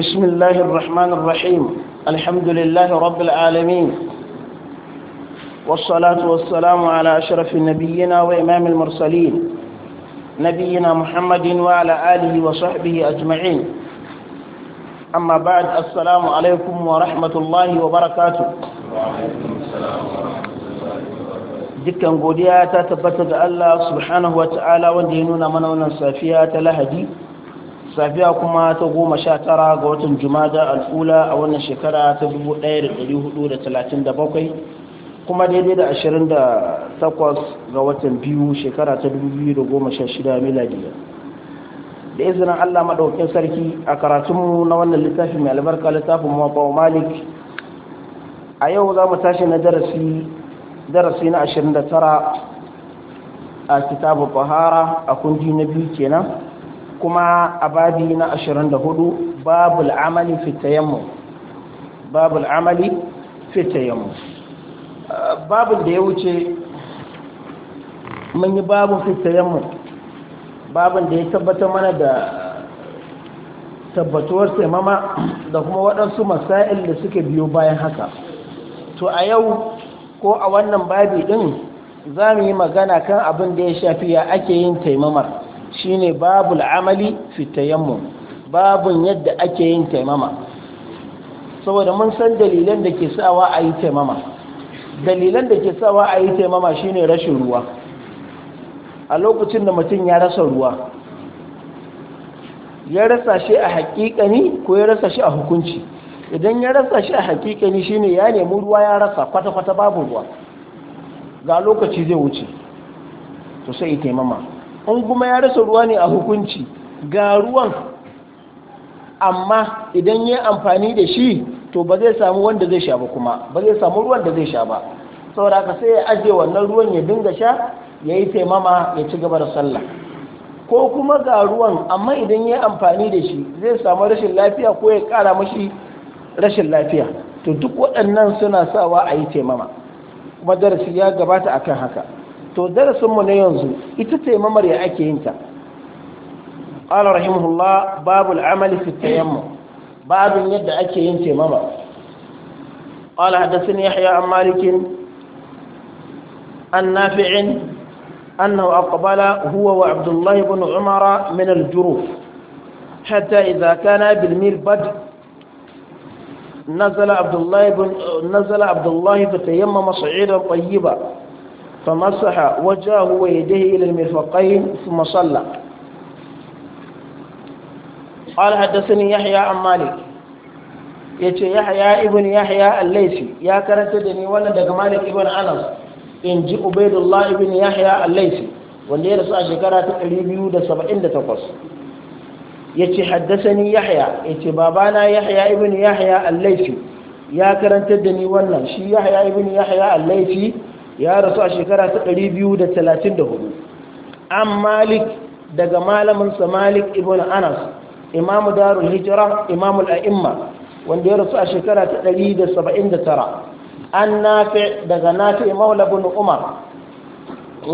بسم الله الرحمن الرحيم الحمد لله رب العالمين والصلاة والسلام على أشرف نبينا وإمام المرسلين نبينا محمد وعلى آله وصحبه أجمعين أما بعد السلام عليكم ورحمة الله وبركاته وعليكم السلام ورحمة الله وبركاته دكان قوديا تتبتد الله سبحانه وتعالى ودينونا منونا سافيات لهدي safiya kuma ta goma sha tara ga watan jumada al'ula a wannan shekara ta 1437 kuma daidai da 28 ga watan biyu shekara ta 2016 miladiya da izinin allah maɗaukin sarki a karatunmu na wannan littafi mai albarka littafin mawaɓawa malik a yau za mu tashi na darasi na 29 a kitabu fahara a kundi na biyu kenan kuma a babi na 24 babul amali fita yammu, babul amali fita yammu. Uh, babul da ya wuce mun yi babu fita yammu, babun da ya tabbata mana da tabbatuwar taimama da kuma waɗansu masail da suke biyo bayan haka to a yau ko a wannan babi ɗin za mu yi magana kan abin da ya shafi ya ake yin taimamar shine babu amali fita tayammum babun yadda ake yin taimama saboda mun san dalilan da ke sawa a yi taimama dalilan da ke sawa a yi taimama shine rashin ruwa a lokacin da mutum ya rasa ruwa ya rasa shi a hakikani ko ya rasa shi a hukunci idan ya rasa shi a hakikani shine ya nemi ruwa ya rasa kwata-kwata babu ruwa ga lokaci zai wuce to sai taimama in kuma ya rasa ruwa ne a hukunci ga ruwan amma idan ya amfani da shi to ba zai samu wanda zai sha ba kuma ba zai samu ruwan da zai sha ba sauraka aka sai ya ajiye wannan ruwan ya dinga sha ya yi taimama ya ci gaba da sallah ko kuma ga ruwan amma idan ya amfani da shi zai samu rashin lafiya ko ya kara mashi rashin lafiya to duk waɗannan suna sawa a yi taimama kuma ya gabata akan haka to darasinmu na yanzu ita taimamar ya ake yin ta ƙalar rahimahullah babu al'amali fi babin yadda ake yin taimama قال حدثني يحيى عن مالك عن نافع أنه أقبل هو وعبد الله بن عمر من الجروف حتى إذا كان بالمربد نزل عبد الله بن نزل عبد الله فتيمم صعيدا طيبا فمسح وجهه ويديه إلى المرفقين ثم صلى قال حدثني يحيى عن مالك yace yahya ibn yahya al-laisi ya karanta da ni wannan daga malik ibn anas in ji ubaidullah ibn yahya al-laisi wanda ya rasu a shekara ta 278 yace haddathani yahya yace babana yahya ibn yahya al-laisi ya karanta da ni wannan shi yahya ibn yahya a laisi ya rasu a shekara ta 234 an malik daga malaminsa malik ibn anas imamu darul hijira imamul a'imma wanda ya rasu a shekara ta 179 an nafi daga nafi maula bin umar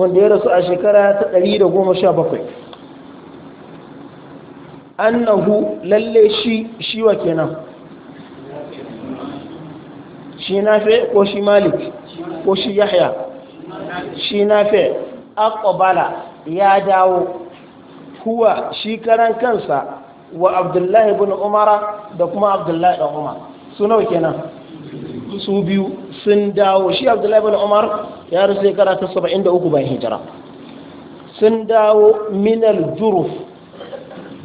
wanda ya rasu a shekara ta 117 annahu lalle shi shiwa kenan shi nafi ko shi malik ko shi yahya shi na fe akobala ya dawo kuwa shi karan kansa wa abdullahi bin umara da kuma abdullahi da umar su nawa kenan su biyu sun dawo shi abdullahi bin umar ya rasu ya ta 73 bayan hijira sun dawo minal juruf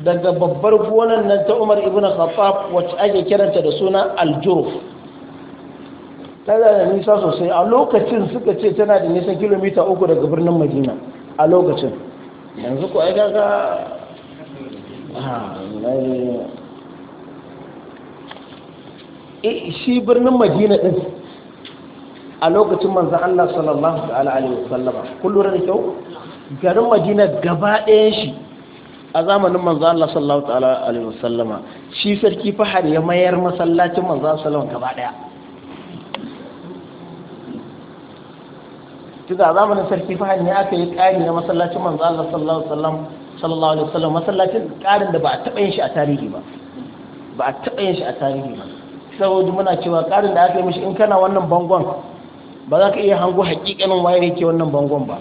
daga babbar gonan nan ta umar ibn khattab wacce ake kiranta da suna al-juruf tana da nisa sosai a lokacin suka ce tana da nisan kilomita uku daga birnin madina a lokacin yanzu ko ga gaga eh, shi birnin madina din a lokacin manzan Allah sallallahu alaihi wasallama kullum da kyau garin madina gaba ɗayan shi a zamanin manzan Allah sallallahu alaihi wasallama shi sarki fahar ya mayar masallacin manzan sallallahu gaba ɗaya tunda a zamanin sarki fahad ne aka yi ƙari na masallacin manzo Allah sallallahu alaihi sallallahu alaihi wasallam masallacin ƙarin da ba a taɓa yin shi a tarihi ba ba a taɓa yin shi a tarihi ba saboda muna cewa ƙarin da aka yi mishi in kana wannan bangon ba za ka iya hango hakikanin waye yake wannan bangon ba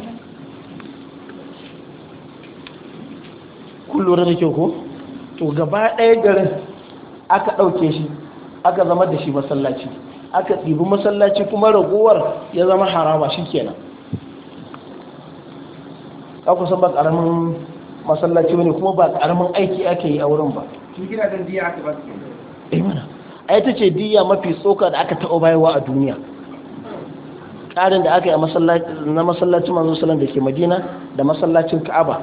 kun lura da ko to gaba ɗaya garin aka ɗauke shi aka zama da shi masallaci aka ɗibi masallaci kuma raguwar ya zama harama shi kenan ka kusan ba karamin masallaci wani kuma ba karamin aiki ake yi a wurin ba shi gidajen eh ce diya mafi tsoka da aka taɓa bayarwa a duniya ƙarin da aka yi na masallacin manzo salam da ke madina da masallacin ka'aba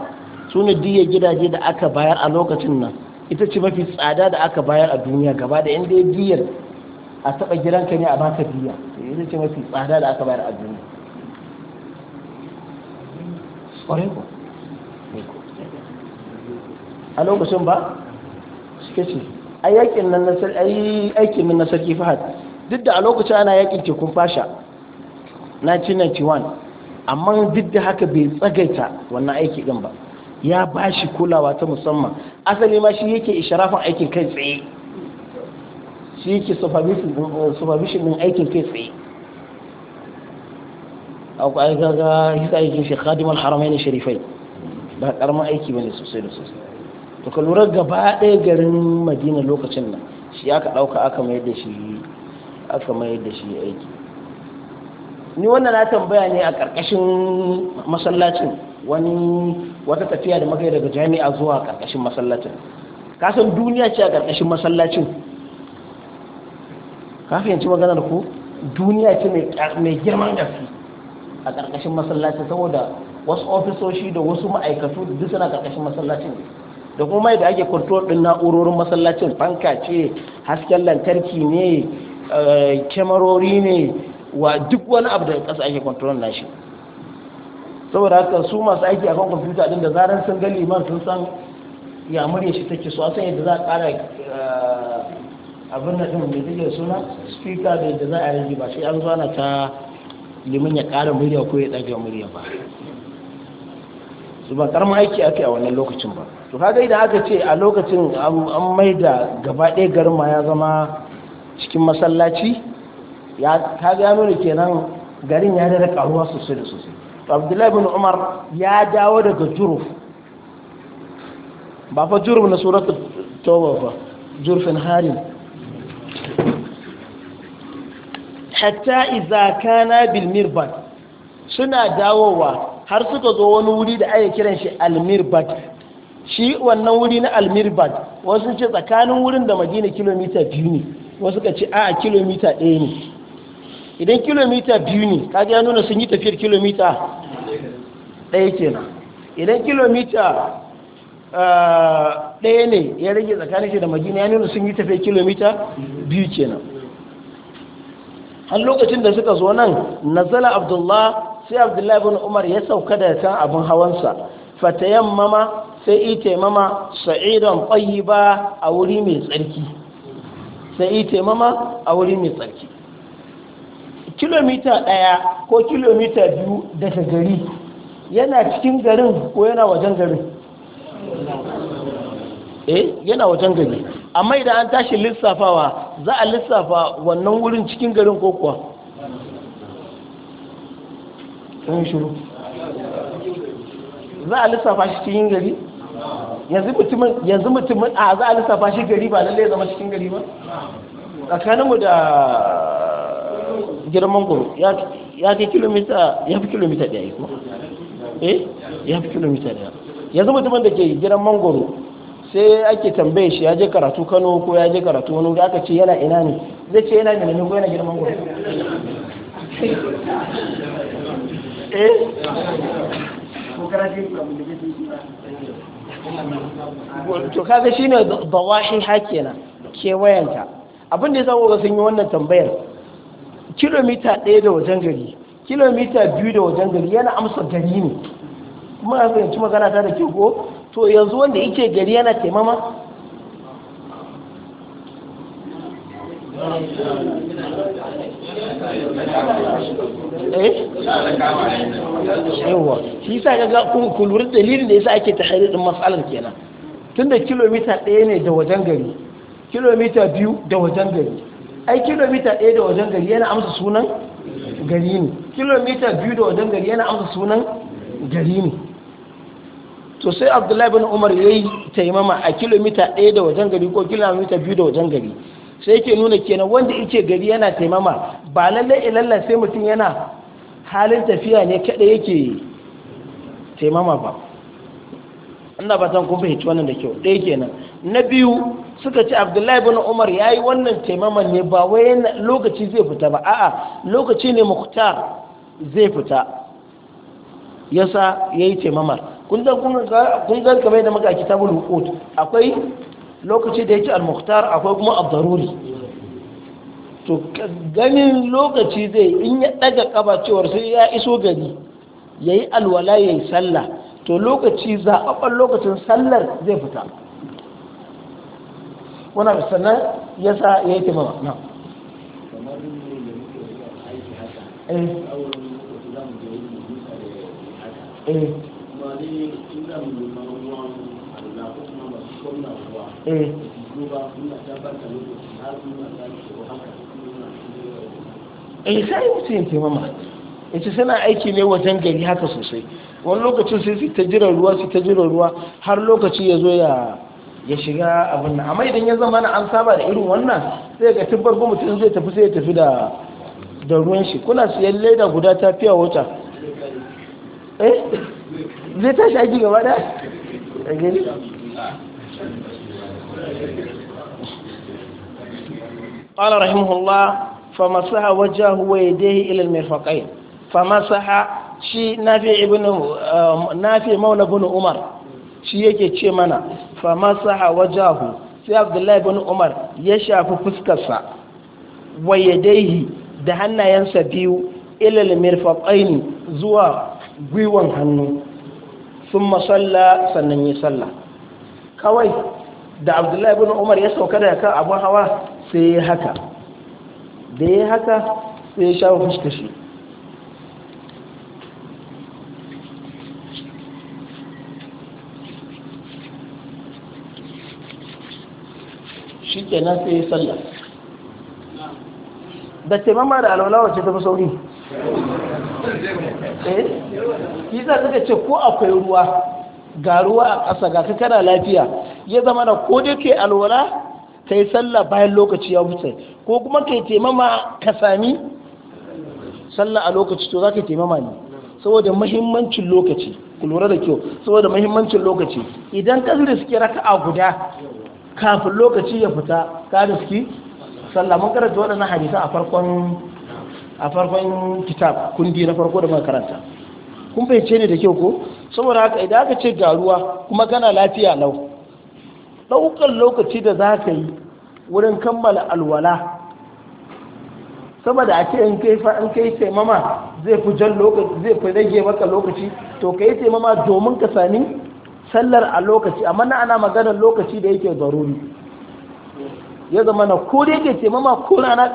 su ne diya gidaje da aka bayar a lokacin nan ita ce mafi tsada da aka bayar a duniya gaba da inda diyar a taɓa gidanka ne a baka diya ita ce mafi tsada da aka bayar a duniya ƙwarai ko a lokacin ba suke ce a yakin nan nasar nan na sarki fahad duk da a lokacin ana yakin tekun fasha 1991 amma duk da haka bai tsagaita wannan aiki din ba ya ba shi kulawa ta musamman asali ma shi yake isharafin aikin kai tsaye shi yake supervision din aikin kai tsaye akwai aika ga shi aikin shi khadimar haramai ne sharifai ba karamin aiki ba ne sosai da sosai to ka lura gaba ɗaya garin madina lokacin nan shi aka ɗauka aka mai da shi aka mai da shi aiki ni wannan na tambaya ne a ƙarƙashin masallacin wani wata tafiya da muka daga jami'a zuwa ƙarƙashin masallacin ka san duniya ce a ƙarƙashin masallacin ka fahimci da ku duniya ce mai girman gaske a ƙarƙashin masallaci saboda wasu ofisoshi da wasu ma'aikatu duk suna ƙarƙashin masallacin da kuma mai da ake kwantuwar ɗin na'urorin masallacin fanka ce hasken lantarki ne eh, kyamarori ne wa duk wani abu da ƙasa ake kwantuwar nashi saboda haka su masu aiki a kan kwamfuta ɗin da zarar sun ga liman sun san ya murya shi take so a san yadda za a ƙara eh, abin da ɗin da take suna speaker da yadda za a rage ba sai an zo ana ta liman ya ƙara murya ko ya ɗaga murya ba su ba karma aiki ake a wannan lokacin ba to kaga idan aka ce a lokacin an mai da gaba ɗaya garma ya zama cikin masallaci ya kaga ya nuna kenan garin ya dara ƙaruwa sosai da sosai to abdullahi bin umar ya dawo daga juruf ba fa juruf na suratul tauba ba jurfin harin hatta iza kana bil suna dawowa har suka zo wani wuri da ake kiran shi al shi wannan wuri na al wasu ce tsakanin wurin da madina kilomita biyu ne wasu ka ce a kilomita ɗaya ne idan kilomita biyu ne kaga ya nuna sun yi tafiyar kilomita ɗaya kenan idan kilomita ah, ɗaya ne ya rage tsakanin shi da madina ya nuna sun yi tafiyar kilomita biyu kenan har lokacin da suka zo nan nazala abdullah sai abdullahi bin umar ya sauka da kan abin hawansa fatayammama sai i taimama sa'idan ba a wuri mai tsarki sai i taimama a wuri mai tsarki kilomita ɗaya ko kilomita biyu daga gari yana cikin garin ko yana wajen garin eh yana wajen gari amma idan an tashi lissafawa za a lissafa wannan wurin cikin garin ko kuwa za a lissafa shi cikin gari yanzu mutumin a za a lissafa shi gari ba lallai zama cikin gari ba tsakaninmu da girman guru ya fi kilomita ya fi kilomita daya eh ya fi kilomita daya yanzu mutumin da ke gidan mangoro sai ake tambaye shi ya je karatu kano ko ya je karatu wani wuri aka ce yana ina ne zai ce yana ne ko yana girman gobe eh. to kaga shine hake na kewayenta abin da ya zama ga sun yi wannan tambayar kilomita ɗaya da wajen gari kilomita biyu da wajen gari yana amsa gari ne kuma a fahimci magana ta da ke ko to yanzu wanda yake gari yana taimama eh yawa shi sa ga ku lura dalilin da sa ake tahari din matsalar kenan tunda kilomita ɗaya ne da wajen gari kilomita biyu da wajen gari ai kilomita ɗaya da wajen gari yana amsa sunan gari ne kilomita biyu da wajen gari yana amsa sunan gari ne to sai abdullahi bin umar ya yi taimama a kilomita ɗaya da wajen gari ko kilomita biyu da wajen gari sai yake nuna kenan wanda yake gari yana taimama ba lallai ilalla sai mutum yana halin tafiya ne kada yake taimama ba ina ba kun fahimci wannan da kyau ɗaya kenan na biyu suka ce abdullahi bin umar ya yi wannan taimama ne ba wai lokaci zai fita ba a'a lokaci ne muktar zai fita yasa ya yi taimamar kun ga kamar da muka kitabul akwai lokaci da yake al-mukhtar akwai kuma ad-daruri to ganin lokaci zai in ya daga kaba cewar sai ya iso gari yi alwala ya yi sallah to lokaci za a ɓan lokacin sallar zai fita da sannan ya sa ya yi timama na eh, eh. Eh, eh sai mutum ya taimama ita suna aiki ne wajen gari haka sosai wani lokacin sai su ta jiran ruwa su ta jiran ruwa har lokaci ya zo ya ya shiga abin nan amma idan ya zama na an saba da irin wannan sai ga tabbar farko mutum zai tafi sai ya tafi da da ruwan shi kuna siyan leda guda ta fiya wata eh zai tashi aiki gaba da a gani قال رحمه الله فمسح وجهه ويديه إلى المرفقين فمسح shi nafi ibn uh, nafi maula umar shi yake ce mana fa masaha wajahu sai abdullahi bunu umar ya shafi fuskarsa wa dai da hannayensa biyu ilal mirfaqain zuwa gwiwan hannu sun masalla sannan yi salla kawai da abdullahi bin umar ya sauka da yaka abin hawa sai ya haka da ya haka sai ya sha fuska shi ke kenan sai ya salla da taimama da alwala wacce ta fi sauri eh shi za suka ce ko akwai ruwa ga ruwa a ƙasa ga kana lafiya ya zama da ko dai alwala ka yi sallah bayan lokaci ya wuce ko kuma ka yi taimama ka sami sallah a lokaci to za ka yi taimama ne saboda mahimmancin lokaci ku lura da kyau saboda mahimmancin lokaci idan ka raka a guda kafin lokaci ya fita ka suke sallah mun karanta waɗannan hadisa a farkon a farkon kitab kundi na farko da muka karanta kun fahimce ne da kyau ko saboda haka idan aka ce garuwa, kuma kana lafiya lau ɗaukar lokaci da za ka yi wurin kammala alwala saboda a ce in kai taimama zai fi jan lokaci zai fi rage maka lokaci to kai taimama domin ka sami sallar a lokaci amma na ana maganar lokaci da yake zaruri ya zama na ko da yake taimama ko rana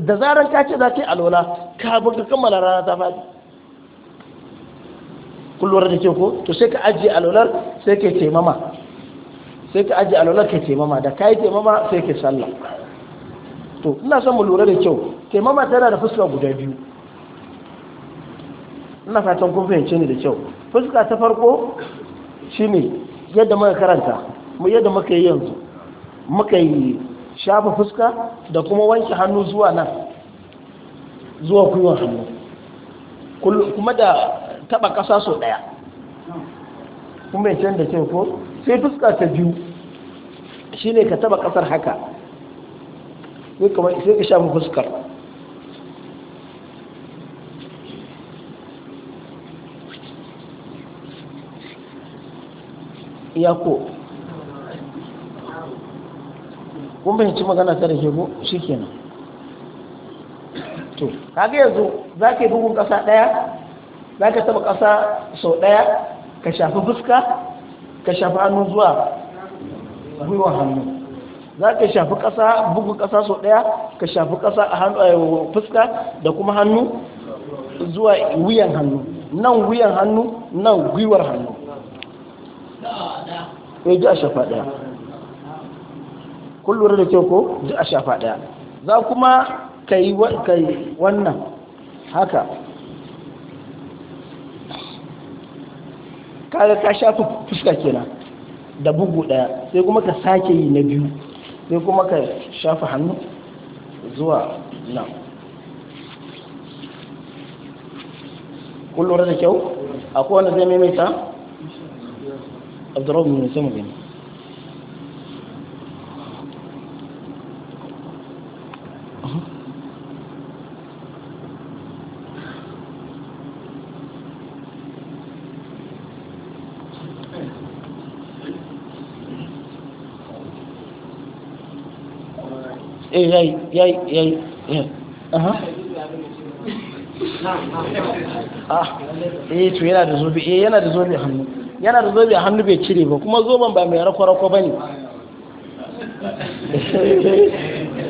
da zaran ka ce za ka yi alwala kafin ka kammala rana ta fadi kullum da ke ko to sai ka ajiye alolar sai ka taimama sai ka ajiye alolar ka taimama da ka yi taimama sai ka sallah to ina son mu lura da kyau taimama tana da fuska guda biyu ina fatan kun fahimce ni da kyau fuska ta farko shine yadda muka karanta mu yadda muka yi yanzu muka yi shafa fuska da kuma wanke hannu zuwa nan zuwa gwiwar hannu kuma da taba kasa so daya kun bai canza da kyau ko sai fuska ta biyu ne ka taba kasar haka sai kuma sai ka fuskar ya ko kun bai ci magana ta da ke ko to kage yanzu za ka yi bugun kasa daya za ka taba ƙasa sau ɗaya ka shafi fuska ka shafi hannu zuwa gwiwa hannu za ka shafi ƙasa bugu ƙasa sau ɗaya ka shafi ƙasa a fuska da kuma hannu zuwa wuyan hannu nan wuyan hannu nan gwiwar hannu ya eh, ji a shafa ɗaya kullum da kyau ko ji a shafa ɗaya za kuma ka yi wannan haka kare ka shafi fuska kenan da bugu daya sai kuma ka sake yi na biyu sai kuma ka shafa hannu zuwa nan kullum da kyau akwai wanda zai maimaita abdurrahman ne sai mu gani Eh, yayi yayi yayi aha ah eh to yana da zobe eh hannu bai cire ba kuma zoben ba mai rako-rako ba ne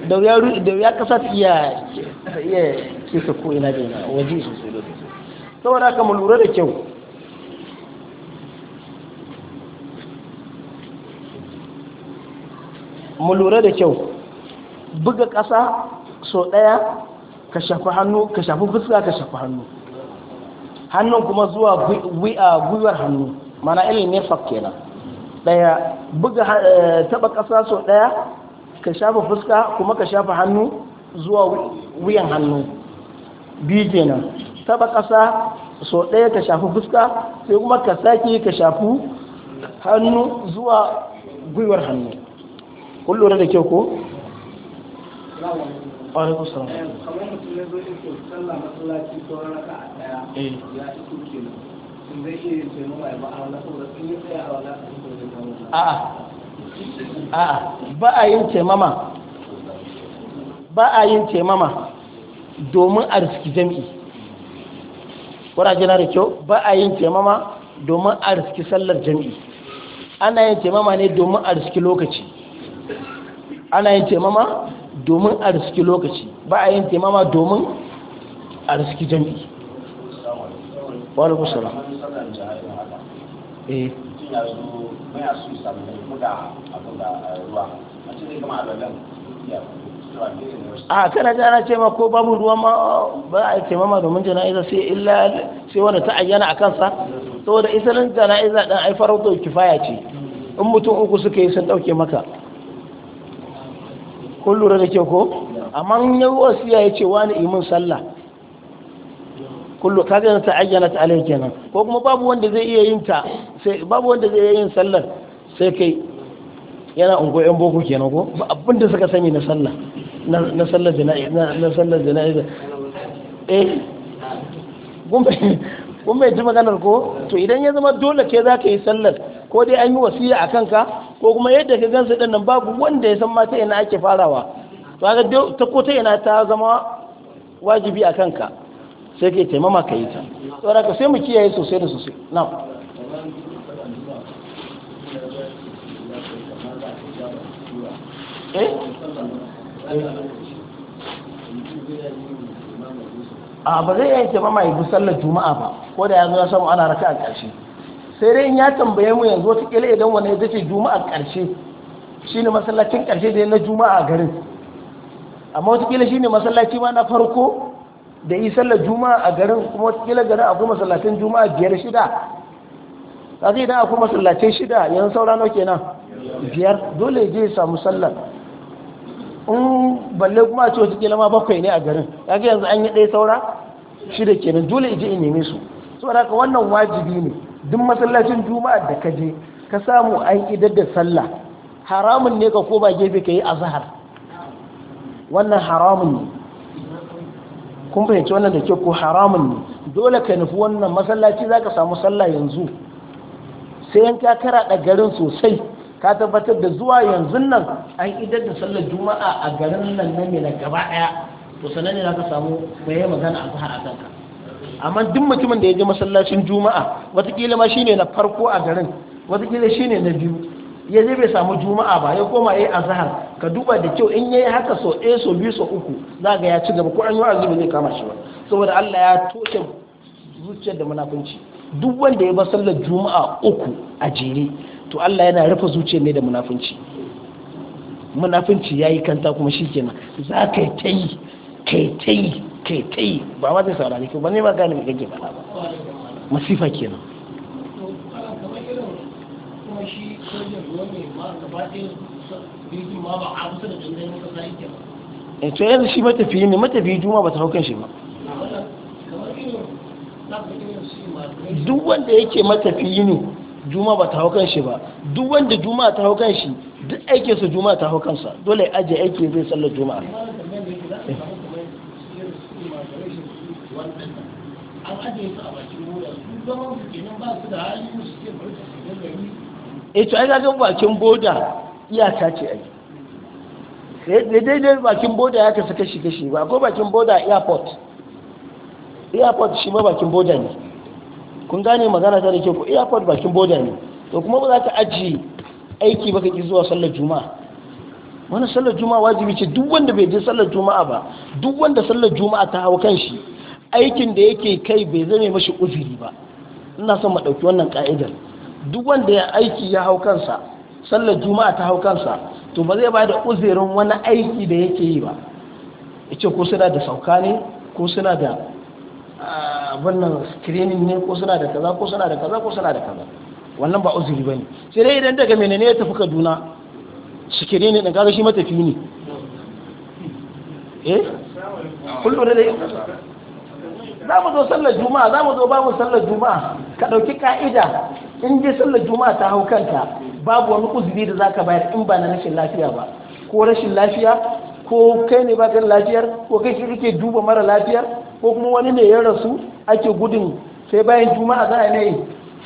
da ya kasa ya iya kisa ko ina da ina waje su su saboda haka lura da kyau mu lura da kyau buga ƙasa so ɗaya ka shafi hannu ka shafi fuska ka shafi hannu hannun kuma zuwa gwiwar hannu mana ilin nefak kenan ɗaya buga eh, taɓa ƙasa so ɗaya ka shafi fuska kuma ka shafi hannu zuwa wuyan hannu biyu kenan taɓa ƙasa so ɗaya ka shafi fuska sai kuma ka sake ka shafi hannu zuwa gwiwar hannu kun lura da kyau ko alaikun eh, kamar ba a yi ba a yin taimama ba a yin taimama domin a riski jami'i na da kyau ba a yin taimama domin a riski sallar jami'i ana yin taimama ne domin a riski lokaci ana yin taimama domin a riski lokaci ba a yin taimama domin a riski jami'i eh. a kana jana ce ma ko babu ruwa ma ba a taimama domin jana'iza sai illa sai wanda ta ayyana a kansa saboda isalin jana'iza dan aifar da kifaya ce in mutum uku suka yi sun ɗauke maka kun lura da ke ko amma ya yi wasiya ya ce wani imin sallah kullu kaga ta ayyana ta alai kenan ko kuma babu wanda zai iya yin ta sai babu wanda zai iya yin sallar sai kai yana ungo yan boko kenan ko abin da suka sani na sallah na sallar jana'i na sallar jana'i eh gumbe gumbe ji maganar ko to idan ya zama dole ke zaka yi sallar ko dai an yi wasiya a kanka ko kuma yadda ka gansu ɗan nan babu wanda ya san ma ta ina ake farawa to haka ta ko ta ina ta zama wajibi a kanka sai ka yi taimama ka yi ta saboda ka sai mu kiyaye sosai da sosai na eh? a ba zai yi taimama ya bi sallar juma'a ba ko da ya zo ya samu ana raka a ƙarshe sai dai ya tambaye mu yanzu wata kila idan wani ya ce juma'a karshe shine masallacin karshe da na juma'a a garin amma wata kila shine masallaci ma na farko da yi sallar juma'a a garin kuma wata kila garin akwai masallacin juma'a biyar shida zai idan akwai masallacin shida yanzu saura nauke kenan biyar dole je ya samu sallar in balle kuma a ce wata kila ma bakwai ne a garin ga yanzu an yi ɗaya saura shida kenan dole je in neme su saboda haka wannan wajibi ne duk masallacin juma'a da ka je ka samu an idar da sallah haramun ne ka koma gefe ka yi zahar wannan haramun ne kun fahimci wannan da ke ko haramun ne dole ka nufi wannan masallaci za ka samu sallah yanzu sai yan ka da garin sosai ka tabbatar da zuwa yanzu nan an idar da sallar juma'a a garin nan na mai na gaba ɗaya to sannan za ka samu mai magana a zahar a kanka amma duk mutumin da ya je masallacin juma'a watakila ma shine na farko a garin watakila shine na biyu ya je bai samu juma'a ba ya koma yayi azhar ka duba da kyau in ya yi haka so ɗaya so biyu so uku za ga ya ci gaba ko an yi wa'azi ba zai kama shi ba saboda Allah ya toshe zuciyar da munafunci duk wanda ya bar sallar juma'a uku a jere to Allah yana rufe zuciyar ne da munafunci munafunci yayi kanta kuma shi shikenan za ka yi ta yi kai ta yi kai tsaye ba ma zai saurari ki ba ne ba gane mai kake faɗa ba masifa kenan e to yanzu shi matafiyi ne matafiyi juma ba ta hau shi ba duk wanda yake matafiyi ne juma ba ta hau shi ba duk wanda juma ta hau shi duk aikinsa juma ta hau kansa dole ajiye aiki zai tsallar juma'a ajiye a bakin su zaman ba su da hali su su eh to ai ga bakin boda iyaka ce ai dai-dai bakin boda ya kasu kashi kashi ba ko bakin boda airport airport shi ma bakin boda ne kun gane magana ta da ke ko airport bakin boda ne to kuma ba za ka aji aiki baka ki zuwa sallar juma'a wani sallar juma'a wajibi ce duk wanda bai je sallar juma'a ba duk wanda sallar juma'a ta hau kan shi aikin da yake kai bai zame mashi uzuri ba ina son mu ɗauki wannan ka'idar duk wanda ya aiki ya hau kansa sallar juma'a ta hau kansa to ba zai bada uzirin uzurin wani aiki da yake yi ba ya ce ko suna da sauka ne ko suna da wannan screening ne ko suna da kaza ko suna da kaza ko suna da kaza wannan ba uzuri ba ne sai dai idan daga ne ya tafi kaduna screening ɗin kaga shi matafi ne eh kullum da dai za mu zo sallar juma'a za mu zo babu sallar juma'a ka ɗauki ka'ida in je sallar juma'a ta hau kanta babu wani uzuri da za ka bayar in ba na rashin lafiya ba ko rashin lafiya ko kai ne ba kan lafiyar ko kai shi kake duba mara lafiyar ko kuma wani ne ya rasu ake gudun sai bayan juma'a za a ne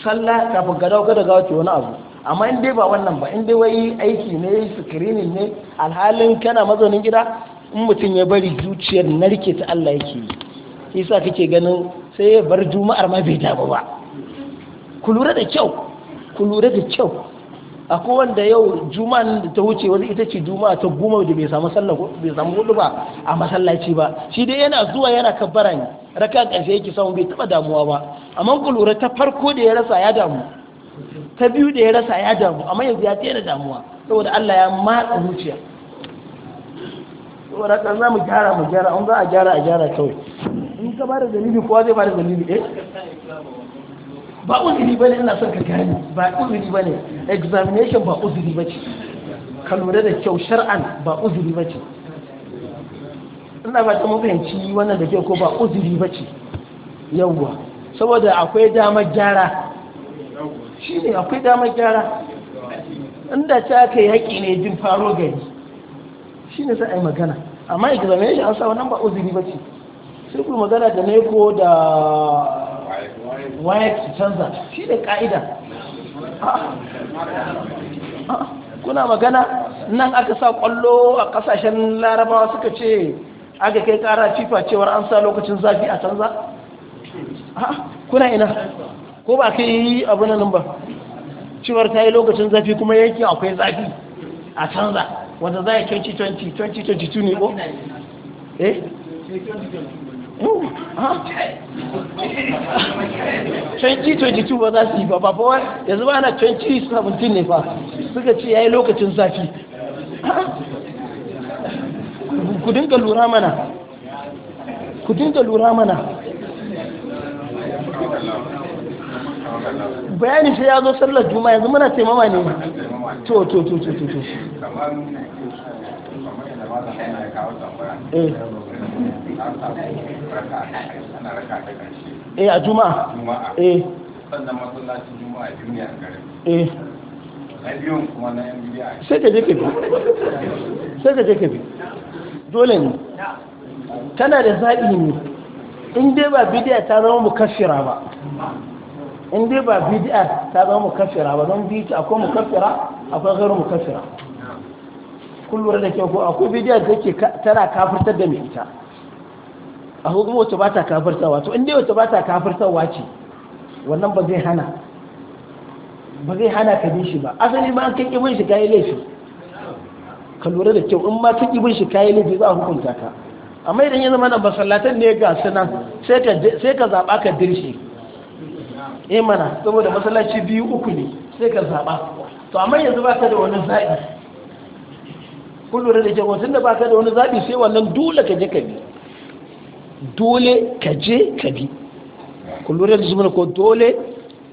sallah kafin ka dawo daga gawa wani abu amma in dai ba wannan ba in dai wai aiki ne screening ne alhalin kana mazaunin gida in mutum ya bari zuciyar narke ta Allah yake yi shi sa kake ganin sai ya bar juma'ar ma bai damu ba ku lura da kyau ku lura da kyau akwai wanda yau juma'an da ta wuce wani ita ce juma'a ta goma da bai samu sallah bai samu hudu ba a masallaci ba shi dai yana zuwa yana kabbara ne raka ƙarshe yake samu bai taba damuwa ba amma ku lura ta farko da ya rasa ya damu ta biyu da ya rasa ya damu amma yanzu ya da damuwa saboda Allah ya matsa zuciya saboda kan za mu gyara mu gyara an za a gyara a gyara kawai in ka bada dalili kowa zai bada dalili eh ba uzuri bane ina son ka gane ba uzuri bane examination ba uzuri bace ka lura da kyau shar'an ba uzuri bace ina ba ta mafiyanci wannan da ke ko ba uzuri bace yawwa saboda akwai damar gyara shi ne akwai damar gyara inda ta aka yi haƙi ne jin faro gari shi ne sai a yi magana amma examination an sa wannan ba uzuri bace sai magana da neko da waya canza shi da ka'ida kuna magana nan aka sa kwallo a kasashen larabawa suka ce aka kai kara cifa cewar an sa lokacin zafi a canza kuna ina ko ba ka yi abinan ba cewar ta yi lokacin zafi kuma yankin akwai zafi a canza wanda za a 2020 2022 ne ko? eh? 2022 ba za su yi ba ba ba yanzu ba na 2017 ne ba suka ce ya yi lokacin zafi ku dinga lura mana ku dinga lura mana bayanin shi ya zo sallar juma'a yanzu muna taimama ne to to to to to Eh. eh a juma'a eh sannan juma'a duniya eh sai ka je ka bi sai ka je bi dole ne tana da zaɓi ne in ba bidiyar ta zama mu kashira ba in ba bidiyar ta zama mu kashira ba don biyu akwai mu kashira akwai gari mu kashira kullum da kyau ko akwai bidiyar da ke tana kafirtar da mai ita a hukum wata ba ta kafirtawa to inda wata ba ta kafirtawa ce wannan ba zai hana ba zai hana ka bin shi ba asali ma kan ibin shi kayi laifi ka lura da kyau in ma kan ibin shi kayi laifi za a hukunta ka amma idan ya zama nan ba sallatan ne ga sunan sai ka zaɓa ka dirshe Imana eh saboda masallaci biyu uku ne sai ka zaɓa to amma yanzu ba ka da wani zaɓi kullum da ke wasu da ba ka da wani zaɓi sai wannan dole ka je ka bi dole ka je ka bi kullum da su ko dole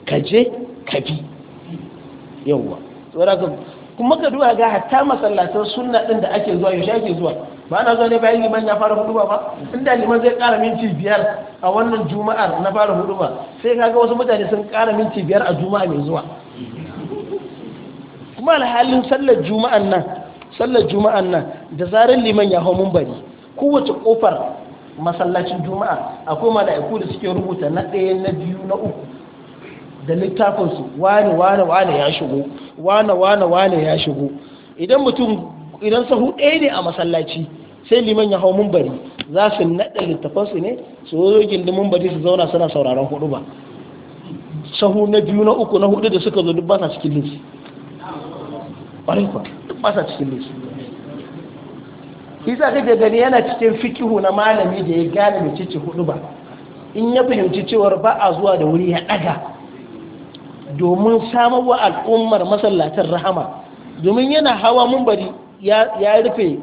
ka je ka bi yawwa tsora ka kuma ka duwa ga hatta masallatan sunna ɗin da ake zuwa yaushe ake zuwa ba na zuwa ne bayan liman ya fara huduba ba inda liman zai kara minti biyar a wannan juma'ar na fara huduba sai ga wasu mutane sun kara minti biyar a juma'a mai zuwa kuma alhalin sallar juma'ar nan sallar juma'an nan da zarar liman ya hau mumbari kowace kofar masallacin juma'a akwai mala'iku da suke rubuta na ɗaya na biyu na uku da littafinsu wane wane wane ya shigo wane wane wane ya shigo idan mutum idan sahu ɗaya ne a masallaci sai liman ya hau mumbari za su naɗa littafinsu ne su zo gindin mumbari su zauna suna sauraron hudu ba sahu na biyu na uku na hudu da suka zo duk ba sa cikin lissi masa cikin list isa gani yana cikin fikihu na malami da ya gane mai cici hudu ba in ya fahimci cewar ba a zuwa da wuri ya daga domin samar wa al'ummar masallacin rahama domin yana hawa mumbari ya rufe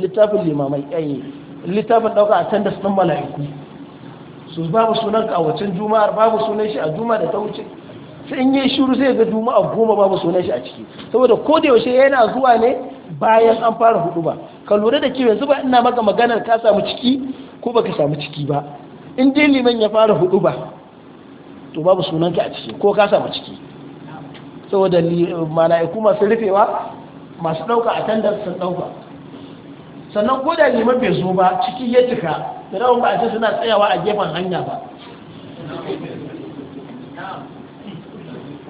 littafin limamai yayi littafin ɗauka a can da sunan mala'iku su babu sunan kawacin juma'ar babu sunan shi a juma'a da ta wuce sai in yi shuru sai ga juma'a goma babu sunan shi a ciki saboda ko da yaushe yana zuwa ne bayan an fara hudu ba ka lura da cewa yanzu ba ina maka maganar ka samu ciki ko baka samu ciki ba in dai liman ya fara hudu ba to babu sunan ka a ciki ko ka samu ciki saboda mala'iku masu rufewa masu dauka a tandar sun dauka sannan ko da liman bai zo ba ciki ya cika da rawan ba a ce suna tsayawa a gefen hanya ba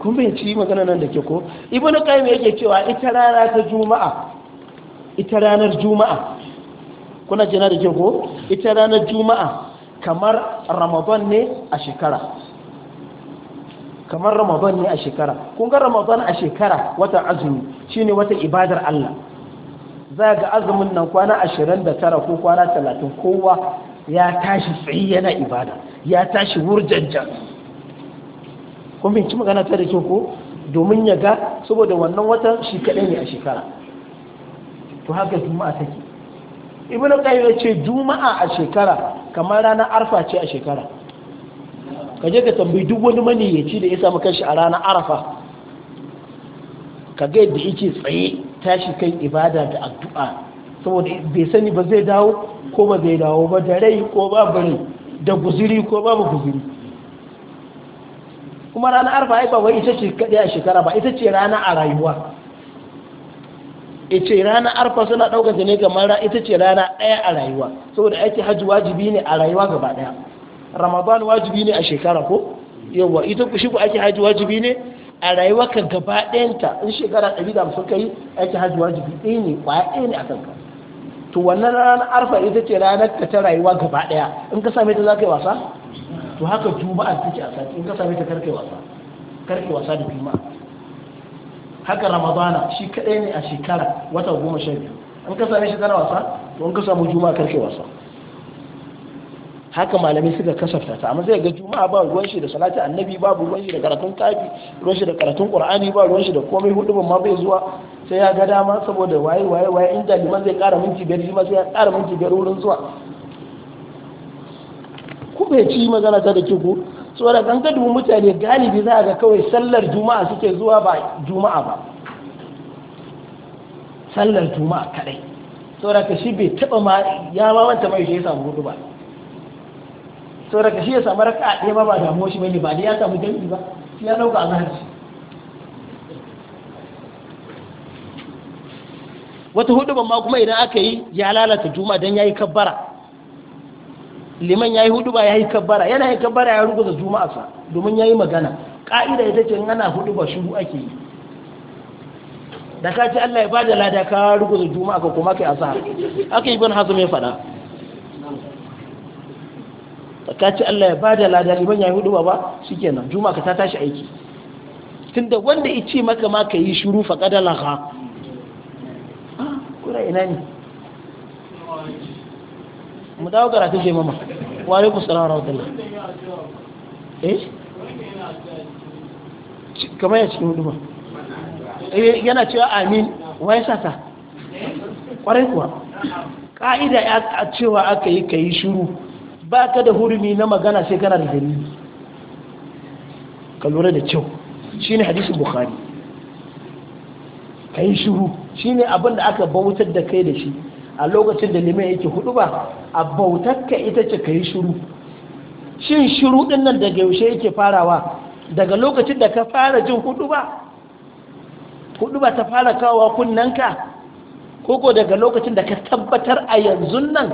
kun fahimci magana nan da ke ko ibnu qayyim yake cewa ita rana ta juma'a ita ranar juma'a kuna jina da ke ko ita ranar juma'a kamar ramadan ne a shekara kamar ramadan ne a shekara kun ga ramadan a shekara watan azumi shine wata ibadar Allah za ga azumin nan kwana 29 ko kwana 30 kowa ya tashi tsayi yana ibada ya tashi wurjanjan kun ci magana ta da kyau ko domin ya ga saboda wannan watan shi kaɗai ne a shekara to haka juma'a take ibn qayyim ya ce juma'a a shekara kamar ranar arfa ce a shekara ka je ka tambayi duk wani mani ya ci da ya samu kanshi a ranar arfa. ka ga yadda yake tsaye tashi kai ibada da addu'a saboda bai sani ba zai dawo ko ba zai dawo ba da rai ko ba bare da guziri ko babu guziri kuma rana arfa ba wai ita ce kaɗai a shekara ba ita ce rana a rayuwa ce rana arfa suna ɗaukanta ne kamar ita ce rana ɗaya a rayuwa saboda aiki hajji wajibi ne a rayuwa gaba ɗaya ramadan wajibi ne a shekara ko yawa ita ku shi ku aiki hajji wajibi ne a rayuwa ka gaba ɗayanta in shekara ɗari da hamsin kai aiki hajji wajibi ɗaya ne ƙwaya ɗaya ne a kanka to wannan rana arfa ita ce ranar ka ta rayuwa gaba ɗaya in ka same ta za ka yi wasa to haka juma'a take a sati in ka same ta karkai wasa karkai wasa da juma'a haka ramadana shi kadai ne a shekara wata goma sha biyu in ka same shi kana wasa to in ka samu juma'a karkai wasa haka malamai suka kasafta ta amma zai ga juma'a ba ruwan shi da salati annabi babu ruwan shi da karatun kafi ruwan shi da karatun qur'ani ba ruwan shi da komai hudu ma bai zuwa sai ya ga dama saboda waye waye waye inda liman zai kara minti biyar shi ma sai ya kara minti biyar wurin zuwa ku bai ci magana ta da kiku saboda kan ka dubu mutane galibi za ga kawai sallar juma'a suke zuwa ba juma'a ba sallar juma'a kadai saboda ka shi bai taba ma ya ma wanta mai shi ya samu hudu ba saboda ka shi ya samu raka ɗaya ba ba damuwa shi mai ba da ya samu dangi ba shi ya nauka a zahar shi wata hudu ban ma kuma idan aka yi ya lalata juma'a don ya yi kabbara liman yayi huduba yayi kabbara yana yi kabbara ya da juma'a domin yayi magana ka'ida ita ce ana ba shiru ake yi da ka ce Allah ya bada lada ka da juma'a ka kuma kai asar aka ban hazm mai fada da ka ce Allah ya bada lada liman yayi hudu ba shikenan juma'a ka ta tashi aiki tunda wanda ya ce maka ma ka yi shiru faqadalaha ah kura ina ne mu dawo karatun sai mama wa tsara rawar dala eh kamar ya cikin Eh yana cewa amin wai sata kwarai kuwa Ka'ida ya cewa aka yi ka yi shuru ba ka da hurumi na magana sai kana da dalili ka lura da kyau shi ne hadisun bukhari ka yi shuru shi ne abinda aka bautar da kai da shi a lokacin da liman yake hudu ba a bautakka ita ce ka yi shuru shin shuru ɗin nan daga yaushe yake farawa daga lokacin da ka fara jin hudu ba hudu ba ta fara kawowa kunnanka koko daga lokacin da ka tabbatar a yanzu nan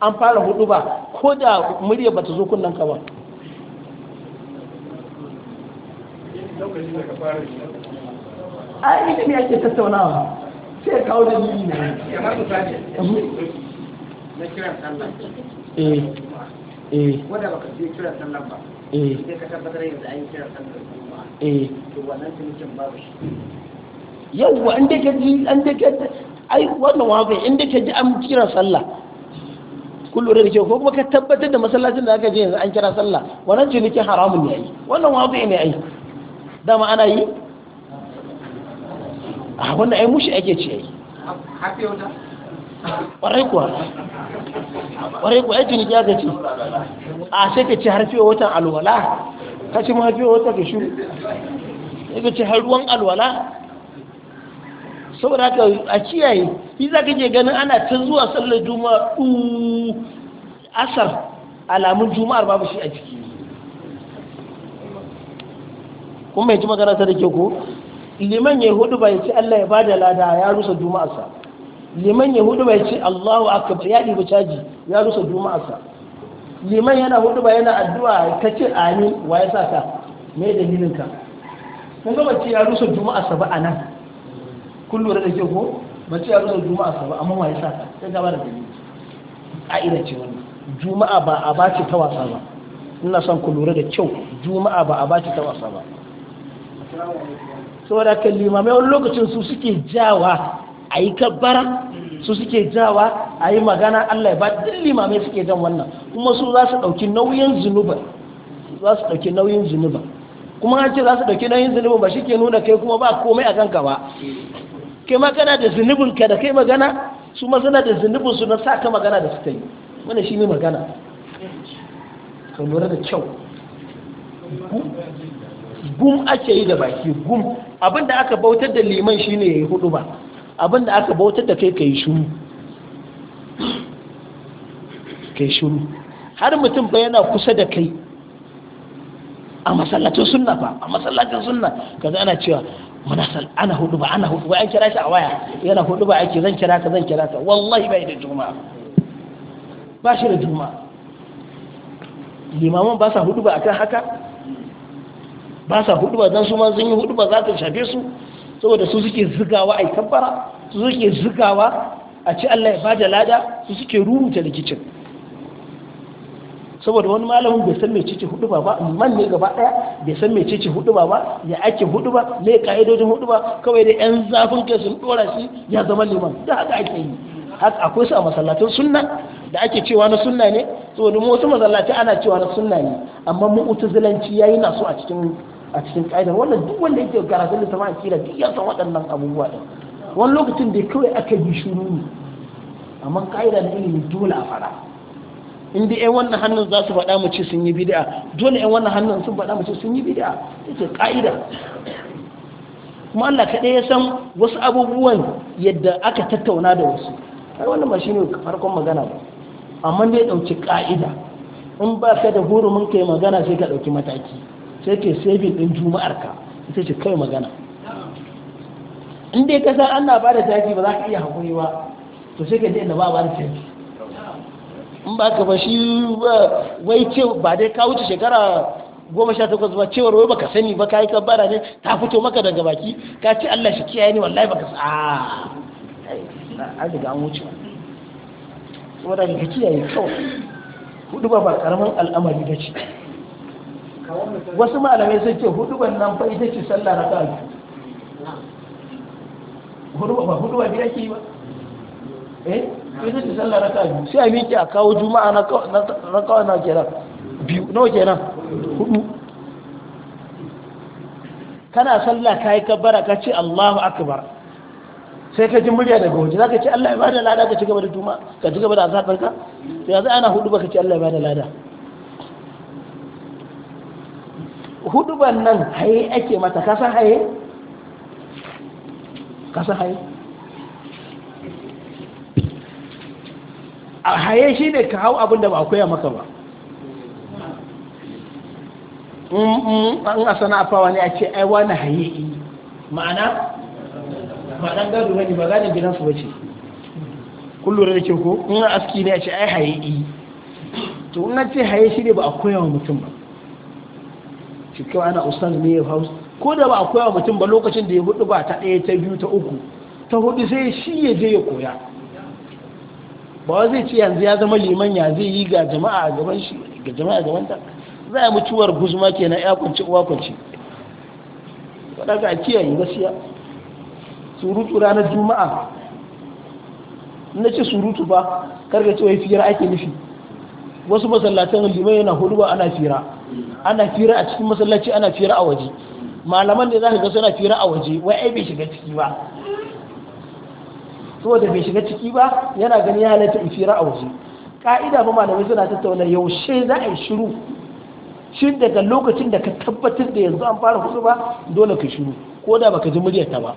an fara hudu ba ko da murya ba ta zo ka ba a ita ne ake tattaunawa sai kawo da nini na na sallah eh, eh. kiran sallah ba eh. ka tabbatar ba ka an kira sallah kullu da ke ko ka tabbatar da masallacin da aka je yanzu an kira sallah wannan cinikin haramun ne ai wannan wafin ne ai dama ana yi a ah, wannan ai mushi ake ci ai ƙwarai kuwa ƙwarai kuwa ai ciniki aka ci a sai ka ci har fiye watan alwala ka ci ma fiye wata ka shuru ya ka ci har ruwan alwala saboda haka a kiyaye yi za ka ke ganin ana ta zuwa sallar juma'a uh, asar alamun juma'ar babu shi a ciki kuma yanci magana ta da ke ko liman ya hudu bai ce Allah ya bada lada ya rusa juma'arsa liman ya hudu bai ce Allahu akbar ya dibi caji ya rusa juma'arsa liman yana hudu ba yana addu'a ka ce amin wa ya sa ka me dalilin ka kun ga bace ya rusa juma'arsa ba anan kun lura da ke ko bace ya rusa juma'arsa ba amma wa ya sa ka sai ga da dalili a ina ce wannan juma'a ba a bace ta wasa ba ina son ku lura da kyau juma'a ba a bace ta wasa ba saboda kan limamai wani lokacin su suke jawa a yi kabbara su suke jawa a yi magana allah ya ba duk limamai suke jan wannan kuma su za su ɗauki nauyin zunuba za su ɗauki nauyin zunuba kuma an ce za su ɗauki nauyin zunuba ba shi ke nuna kai kuma ba komai a kanka ba kai magana da ka da kai magana su ma suna da su na sa ka magana da suka yi wanda shi ne magana ka lura da kyau gum ake yi da baki gum abinda aka bautar da liman shine yayi hudu ba abinda aka bautar da kai kai shuru kai shuru har mutum ba yana kusa da kai a masallacin sunna ba a masallacin sunna kaza ana cewa muna sal ana hudu ba ana hudu ba an kira shi a waya yana hudu ba ake zan kira ka zan kira ka wallahi bai da juma'a ba shi da juma'a limaman ba sa hudu ba akan haka ba sa hudu ba don su ma sun yi hudu ba za ta shafe su saboda su suke zigawa a yi kabbara su suke zigawa a ci Allah ya bada lada su suke rubuta rikicin saboda wani malamin bai san me ce hudu ba ba man ne gaba daya bai san me ce hudu ba ba ya ake hudu ba me ka'idojin hudu ba kawai da yan zafin kai sun dora shi ya zama liman da haka ake yi haka akwai su a masallatun sunna da ake cewa na sunna ne saboda mu wasu masallatai ana cewa na sunna ne amma mu utuzulanci yayi nasu a cikin a cikin ƙa'idar wannan duk wanda yake karatun littafin akida duk ya san waɗannan abubuwa ɗin wani lokacin da kawai aka yi shuru ne amma ƙa'ida na ilimi dole a faɗa in da 'yan wannan hannun za su faɗa mu ce sun yi bid'a dole 'yan wannan hannun sun faɗa mu ce sun yi bid'a ita ƙa'ida kuma Allah kaɗai ya san wasu abubuwan yadda aka tattauna da wasu kai wannan ba shine farkon magana ba amma dai ɗauki ƙa'ida in ba ka da hurumin kai magana sai ka ɗauki mataki sai ke saving din juma'ar ka ita ce kai magana in dai ka san ana ba da taki ba za ka iya hakuri ba to sai ka ce inda ba ba da taki in ba ka ba shi wai ce ba dai ka wuce shekara goma sha takwas ba cewar wai baka sani ba ka yi kabbara ne ta fito maka daga baki ka ce Allah shi kiyaye ne wallahi baka sa a daga an wuce saboda ka kiyaye kawai hudu ba ba karamin al'amari ba ce wasu malamai sun ce hudu nan fa ita ce sallah na a hudu ba hudu ba biya ke ba eh ita ce sallah na a sai a miki a kawo juma'a na rakawa na kenan biyu nawa kenan hudu kana sallah kai kabbara ka ce Allahu akbar sai ka ji murya daga waje zaka ce Allah ya bada lada ka ci gaba da juma'a ka ci gaba da azabarka ka sai yanzu ana hudu ka ce Allah ya bada lada huduban nan haye ake mata kasa haye? kasa haye? a haye shi ne ka hau abinda ba koya maka ba mm, mm, an a sana'a wani a ce ai wani haye ma'ana ma'anan gado wani ba gane gidansu ba ce kullum da ke ko in aski ne a ce ai haye to in ce haye shi ne ba a koya wa mutum ba cikin kawai ana ustaz ne ya hausa ko da ba a koya mutum ba lokacin da ya hudu ba ta ɗaya ta biyu ta uku ta hudu sai shi ya je ya koya ba zai ce yanzu ya zama liman ya zai yi ga jama'a a gaban shi ga jama'a a gaban ta za a mutuwar guzuma kenan ya kwanci uwa kwanci wadaka a kiyaye gaskiya surutu ranar juma'a na ce surutu ba karga cewa fira ake nufi wasu masallatan liman yana hudu ba ana fira ana fira a cikin masallaci ana fira a waje malaman da za ka ga suna fira a waje wai ai bai shiga ciki ba saboda bai shiga ciki ba yana gani ya halatta in fira a waje ka'ida ba malamai suna tattauna yaushe za a yi shiru shi daga lokacin da ka tabbatar da yanzu an fara kusa ba dole ka shiru ko da baka ji ta ba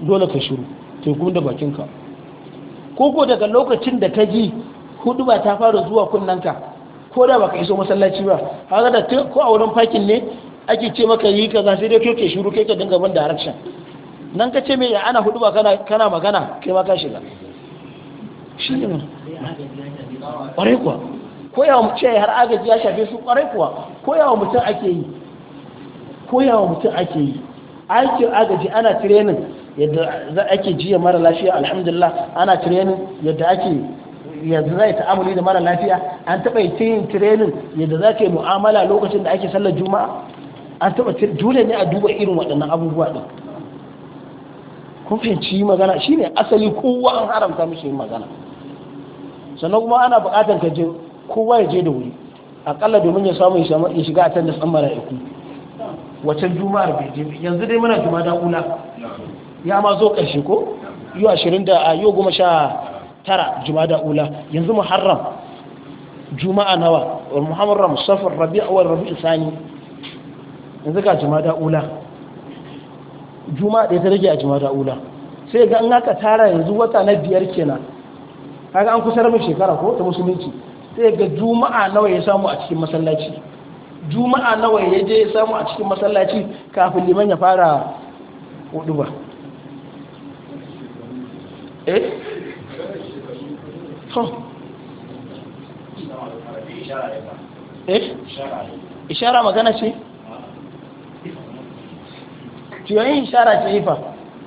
dole ka shiru kun da bakinka ko ko daga lokacin da ka ji hudu ba ta fara zuwa kunnanka ko da baka iso masallaci ba haka da ko a wurin fakin ne ake ce maka yi kaza sai dai kai ke shiru kai ka dinga ban direction nan ka ce me ya ana hudu ba kana kana magana kai ma ka shiga shi ne Kwarai kuwa koyawa mutum har agaji ya shafe su kwarai kuwa koyawa mutum ake yi koyawa mutum ake yi aikin agaji ana tirenin yadda ake jiya mara lafiya alhamdulillah ana tirenin yadda ake yanzu zai ta'amuli da mara lafiya an taɓa yi yin tirenin yadda za ka yi mu'amala lokacin da ake sallar juma'a an taɓa dole ne a duba irin waɗannan abubuwa ɗin kun fahimci magana shi ne asali kowa an haramta mishi yin magana sannan kuma ana buƙatar ka je kowa ya je da wuri aƙalla domin ya samu ya shiga a can da tsammara iku wacan juma'ar bai je yanzu dai muna juma'a da ya ma zo ƙarshe ko yau ashirin da a yau goma sha tara da ula yanzu muharram juma'a nawa wa muharram safar rabi' wa rabi'u sani yanzu ga da ula juma'a da ta rage a da ula sai ga an haka tara yanzu wata na biyar kenan kaga an kusa rabin shekara ko ta musulunci sai ga juma'a nawa ya samu a cikin masallaci juma'a nawa ya je ya samu a cikin masallaci kafin liman ya fara hudu ba eh to eh ishara magana ce ciyoyin ishara ce ifa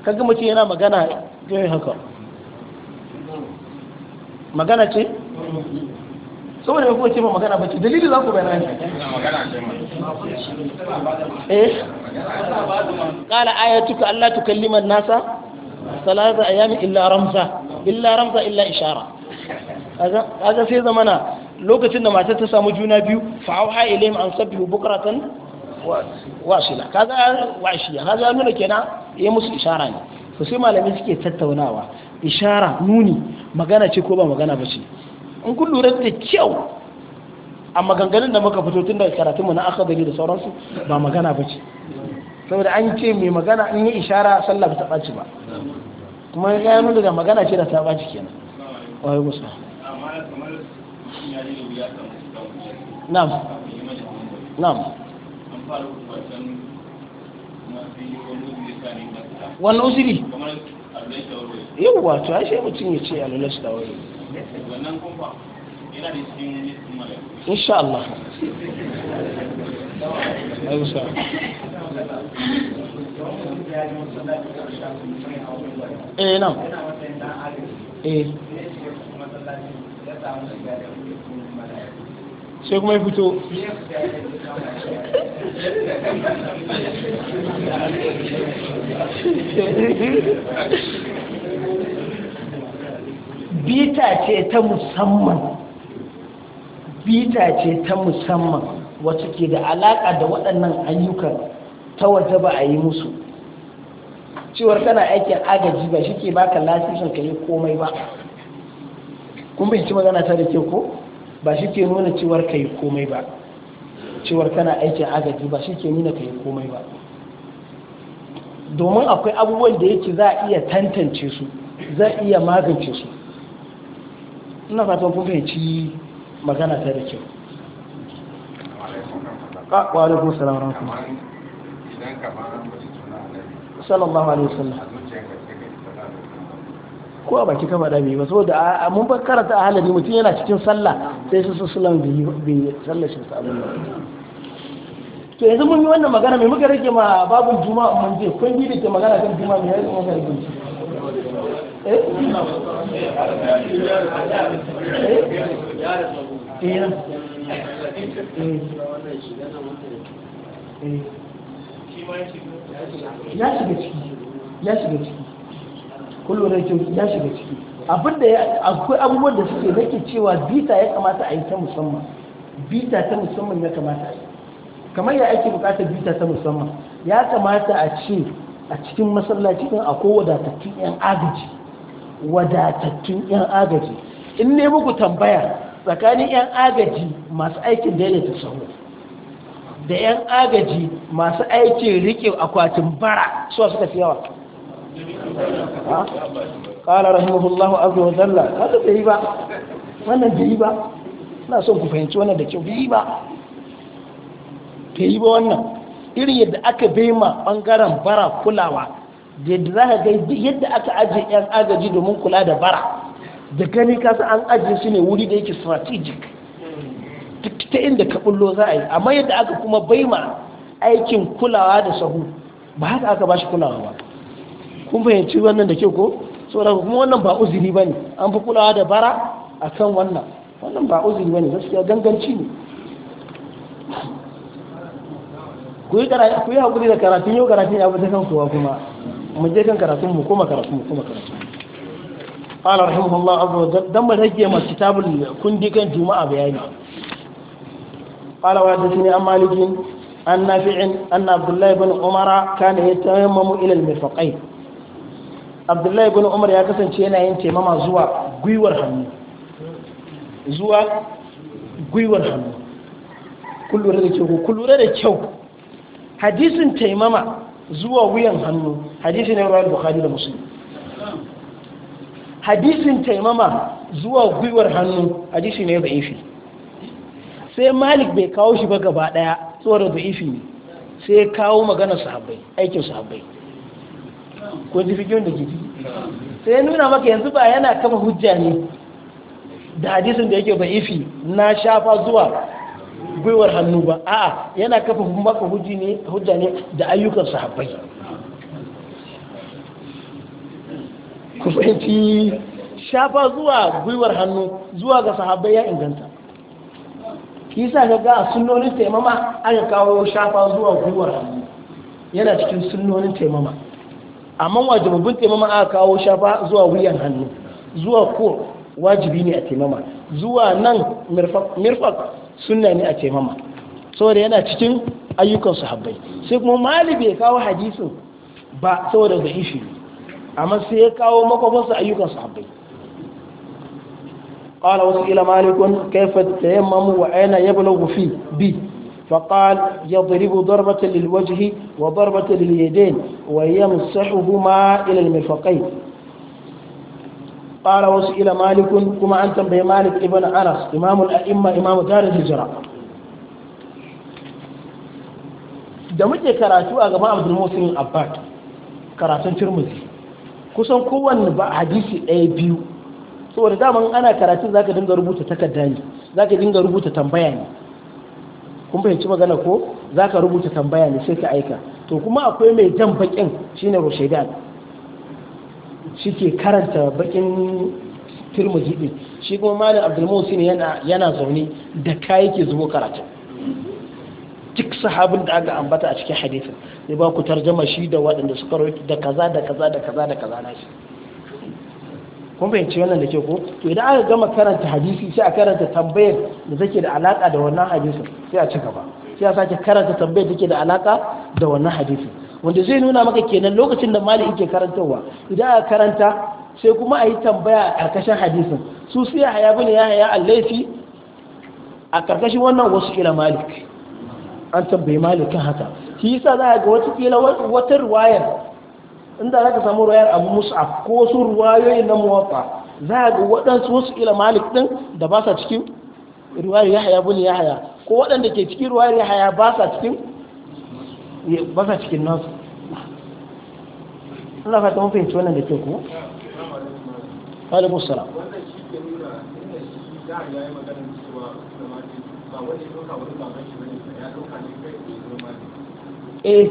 kaga mutum yana magana ciyoyin haka magana ce saboda ya kuma ce ba magana ba ce dalilin za ku bayana eh قال آياتك ألا تكلم الناس ثلاثة أيام إلا رمزة إلا رمزة إلا إشارة kaga sai zamana lokacin da matar ta samu juna biyu fa'auha ilayhim an sabbi bukratan wasila kaga washiya kaga nuna kenan ya musu ishara ne to sai malami suke tattaunawa ishara nuni magana ce ko ba magana ba ce in kun lura da kyau a maganganun da muka fito tun da karatunmu na akadari da sauransu ba magana ba ce saboda an ce mai magana in yi ishara sallah ba ta ɓaci ba kuma ya nuna magana ce da ta ɓaci kenan yi musulman na'am na'am wani uzuri yawwa to ashe mutum ya ce alulashi da wani insha Allah eh nan eh sai kuma fito bita ce ta musamman bita ce ta musamman wacce ke da alaƙa da waɗannan ayyukan ta wata ba a yi musu cewar tana aikin agaji ba shi ke baka lasisin ka yi komai ba kun ci magana ta da ke ko ba shi ke nuna cewar ka yi komai ba cewar kana aikin agaji ba shi ke nuna ka yi komai ba domin akwai abubuwan da yake za a iya tantance su za a iya magance su ina fatan kun fahimci magana ta da kyau wa alaikum salam wa rahmatullah sallallahu alaihi wasallam ko a baki kafa da bai ba saboda a mun ba karanta a halabi mutum yana cikin sallah sai su su sulan bai sallah shi ta abin to yanzu mun yi wannan magana mai muka rage ma babun juma a manje, kun yi da ke magana kan juma mai rage muka rage eh? Eh? Eh? eh ya shiga ciki ya shiga ciki kullum da yake ya shiga ciki abinda ya akwai abubuwan da suke nake cewa bita ya kamata a yi ta musamman bita ta musamman ya kamata a yi kamar ya ake bukatar bita ta musamman ya kamata a ce a cikin masallaci din akwai wadatattun yan agaji wadatattun yan agaji in ne muku tambaya tsakanin yan agaji masu aikin daidaita sahu da yan agaji masu aikin rike akwatin bara suwa suka fi yawa قال رحمه الله zalla وجل ta bai ba wannan bai ba ina son ku fahimci wannan da kyau bai ba yi ba wannan irin yadda aka bai ma bangaren bara kulawa yadda za ka gai yadda aka ajiye yan agaji domin kula da bara da gani kasa an ajiye su ne wuri da yake strategic ta inda ka za a yi amma yadda aka kuma bai ma aikin kulawa da sahu ba haka aka ba shi kulawa ba kun fahimci wannan da ke ko saboda kuma wannan ba uzuri ba ne an fi kulawa da bara a kan wannan wannan ba uzuri ba ne gaskiya ganganci ne ku yi haƙuri da karatun yau karatun ya bata kan kowa kuma mu je kan karatun mu kuma karatun mu kuma karatun قال رحمه الله عز وجل دم الهجية ما كتاب الكندي كان جمعة بياني قال وحدثني عن مالك عن نافع أن عبد الله بن عمر كان يتيمم إلى المرفقين abdullahi ibn umar ya kasance yana yin taimama zuwa gwiwar hannu zuwa gwiwar hannu kullure da kyau kullure da kyau hadisin taimama zuwa wuyan hannu hadisi ne rawar bukhari da muslim hadisin taimama zuwa gwiwar hannu hadisi ne da'ifi sai malik bai kawo shi ba gaba daya tsoron da'ifi ne sai kawo maganar sahabbai aikin sahabbai ko ji fikin da ke sai nuna maka yanzu ba yana kama hujja ne da hadisin da yake ba ifi na shafa zuwa gwiwar hannu ba a'a yana kafa maka hujja ne da ayyukan sahabbai ku fahimci shafa zuwa gwiwar hannu zuwa ga sahabbai ya inganta kisa ga ga sunnonin taimama aka kawo shafa zuwa gwiwar hannu yana cikin sunnonin taimama amma wajibin taimama aka kawo shafa zuwa wuyan hannu zuwa ko wajibi ne a taimama zuwa nan mirfak sunna ne a taimama saboda yana cikin ayyukan sahabbai sai kuma mali bai kawo hadisin ba saboda da ishi amma sai ya kawo makwabansa ayyukan sahabbai قال وسئل مالك كيف التيمم وأين يبلغ في bi. فقال يضرب ضربة للوجه وضربة لليدين ويمسحهما إلى المرفقين قال وسئل مالك كما أنت بمالك ابن أنس إمام الأئمة إمام دار الهجرة da muke karatu a gaban abdul musulun abbad karatun turmuzi kusan kowanne ba hadisi ɗaya biyu saboda daman ana karatun zaka dinga rubuta takarda zaka dinga rubuta tambaya ne kun fahimci magana ko za ka rubuta tambaya ne sai ka aika to kuma akwai mai jan bakin shine rushedan shi ke karanta bakin turmuzi din shi kuma malam abdulmusi yana yana zaune da ka yake zubo karatu duk sahabin da aka ambata a cikin hadithin ya ba ku tarjama shi da waɗanda suka rawaito da kaza da kaza da kaza da kaza na shi kun fahimci wannan da ke ko to idan aka gama karanta hadisi sai a karanta tambayar da take da alaka da wannan hadisin sai a ci gaba sai a sake karanta tambayar da take da alaka da wannan hadisi wanda zai nuna maka kenan lokacin da mali yake karantarwa idan aka karanta sai kuma a yi tambaya a karkashin hadisin su sai haya bane ya haya allafi a karkashin wannan wasu ila malik an tambayi malikin haka shi yasa za a ga wata kila wata ruwayar inda za ka samu rayar abu mus'ab ko wasu ruwayoyi na mawata za ga waɗansu wasu ila malik ɗin da ba sa cikin ruwayar yahaya ya haya, ko waɗanda ke cikin ruwayar haya ba sa cikin ba sa cikin nasu Allah fata mun fahimci wannan da ke ku alaikum eh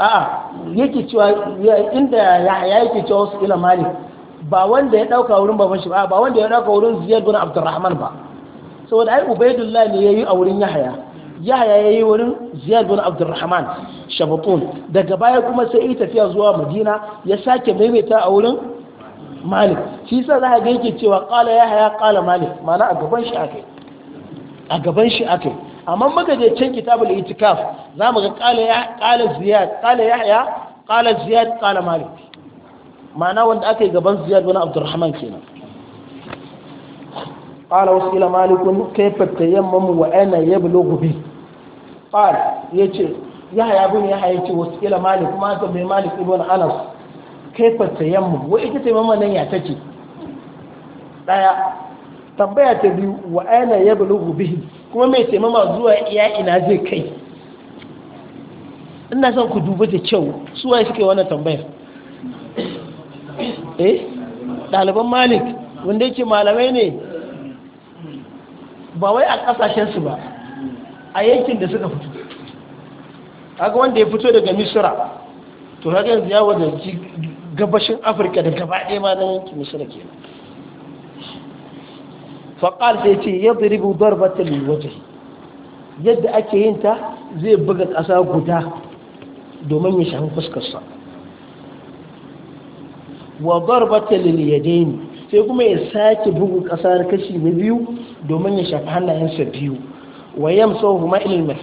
a'a yake cewa inda ya yake cewa su ila malik ba wanda ya dauka wurin baban shi ba wanda ya dauka wurin ziyar bin abdurrahman ba saboda ai ubaidullah ne yi a wurin yahaya yahya yayi wurin ziyar bin abdurrahman shabatun daga baya kuma sai yi tafiya zuwa madina ya sake maimaita a wurin malik shi yasa za ga yake cewa qala yahya kala malik mana a gaban shi akai a gaban shi akai amma muka je can kitabul itikaf za mu ga qala ya qala ziyad qala yahya qala ziyad qala malik ma'ana wanda aka yi gaban ziyad wani abdurrahman kenan qala wasila malikun kayfa tayammamu wa ana yablughu bi qala yace yahya bin yahya yace wasila malik ma ta bai malik ibn anas kayfa tayammamu wa ita tayammama nan ya tace daya tambaya ta biyu wa aina ya bulugu bihi kuma mai taimama zuwa iya ina zai kai ina son ku duba da kyau su waye suke wannan tambayar eh ɗaliban malik wanda yake malamai ne ba wai a ƙasashensu ba a yankin da suka fito haka wanda ya fito daga misira to haka yanzu ya wadanci gabashin afirka da gaba ɗaya ma na yankin misira kenan faƙal sai ce ya ziribu darbata waje yadda ake yin ta zai buga ƙasa guda domin ya shahun fuskarsa wa darbata liliyadeni sai kuma ya sake bugu ƙasa kashi na biyu domin ya shafi hannayensa biyu wa yam sau kuma ilil ne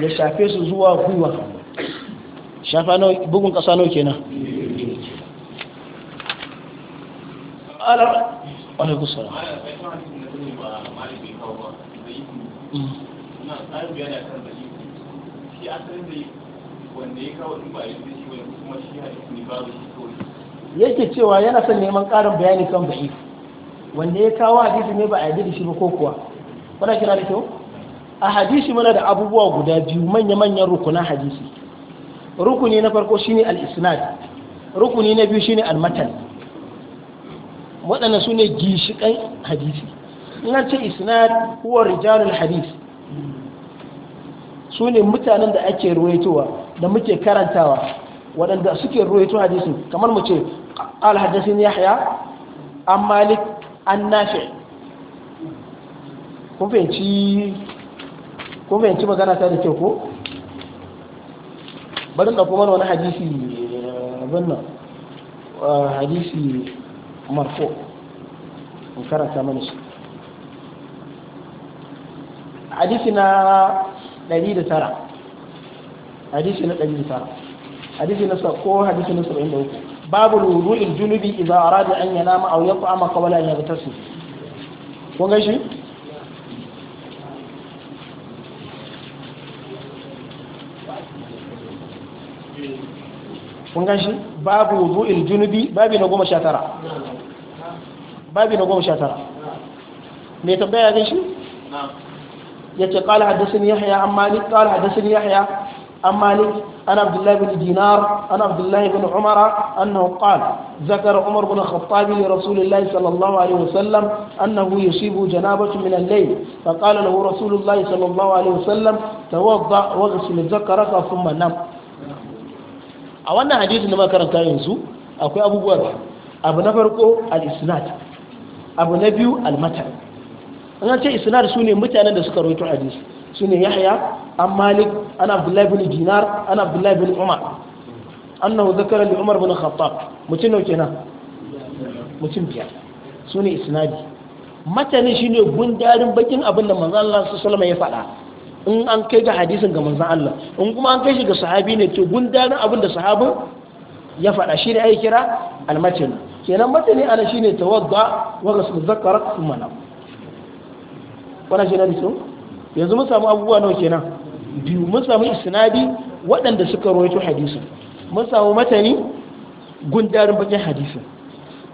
ya shafe su zuwa gwiwa shafa bugun ƙasa nau kenan wani yake cewa yana son neman ƙarin bayani kan da'if wanda ya kawo hadisi ne ba a yadda shi ba ko kuwa kuna kira da kyau a hadisi muna da abubuwa guda biyu manya-manyan rukunan hadisi rukuni na farko shine al-isnad rukuni na biyu shine al-matan waɗanda su ne gishikan hadisi ina ce isnad kuwa rijalun hadisi? su ne mutanen da ake ruwaitowa da muke karantawa waɗanda suke ruwaito hadisi kamar mu ce ya yahya an malik an nafe? kun fahimci magana ta da ke ko barin da kuma wani hadisi abin ah, hadisi marfo in karanta mana shi hadisi na 109 hadisi na 109 hadisi na sako hadisi na 73 babu wudu'il junubi idza arada an yanama aw yat'ama qabla an yaghtasil kun ga shi kun gan shi babu wudu'il junubi babi na goma sha tara babi na goma sha tara mai tambaya gan shi ya ce ƙala haddasin yahya an malik ƙala haddasin yahya an malik an abdullahi bin dinar an abdullahi bin umara annahu qala zakara umar bin khattabi li rasulillahi sallallahu alaihi wasallam annahu yusibu janabatan min al-layl fa qala lahu rasulullahi sallallahu alaihi wasallam tawadda waghsil dhakaraka thumma nam a wannan hadisin da ma karanta yanzu akwai abubuwa abu na farko al-isnad abu na biyu al-matan an ce isnad sune mutanen da suka rawaito hadisi sune yahya an malik ana abdullahi bin dinar ana abdullahi bin umar annahu zakara li umar bin khattab mutum ne kenan mutum biya sune isnadi matanin shine gundarin bakin abin da manzo Allah sallallahu alaihi wasallam ya faɗa in an kai ga hadisin ga manzan Allah in kuma an kai shi ga sahabi ne to gundana abin da sahabin ya faɗa shi ne ai kira almatin kenan matani ana shi ne tawadda wa ghusl zakar thumma nam wannan shi ne hadisin yanzu mun samu abubuwa nawa kenan biyu mun samu isnadi waɗanda suka rawaito hadisin mun samu matani gundarin bakin hadisin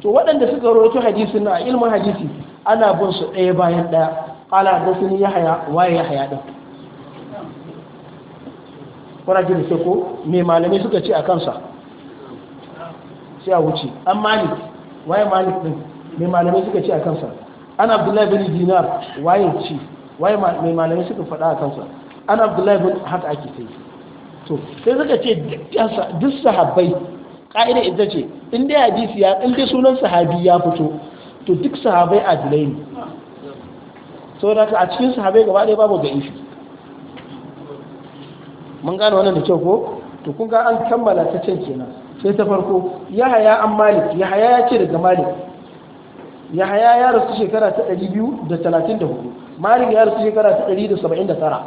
to waɗanda suka rawaito hadisin na ilmin hadisi ana bin su ɗaya bayan ɗaya ala da sun yahaya waye yahaya din kuna gini da ko mai malamai suka ce a kansa sai a wuce an malik waye malik din mai malamai suka ce a kansa an abdullahi bin dinar waye ci waye mai malamai suka faɗa a kansa an abdullahi bin haka ake sai to sai suka ce duk sahabbai ƙa'ida ita ce in dai hadisi ya in dai sunan sahabi ya fito to duk sahabai adilai ne saboda a cikin sahabai gaba ɗaya babu ga ishi mun gane wannan da kyau ko to kun ga an kammala ta can kenan sai ta farko yahaya an malik yahaya ya ce daga malik yahaya ya rasu shekara ta 234 malik ya rasu shekara ta 179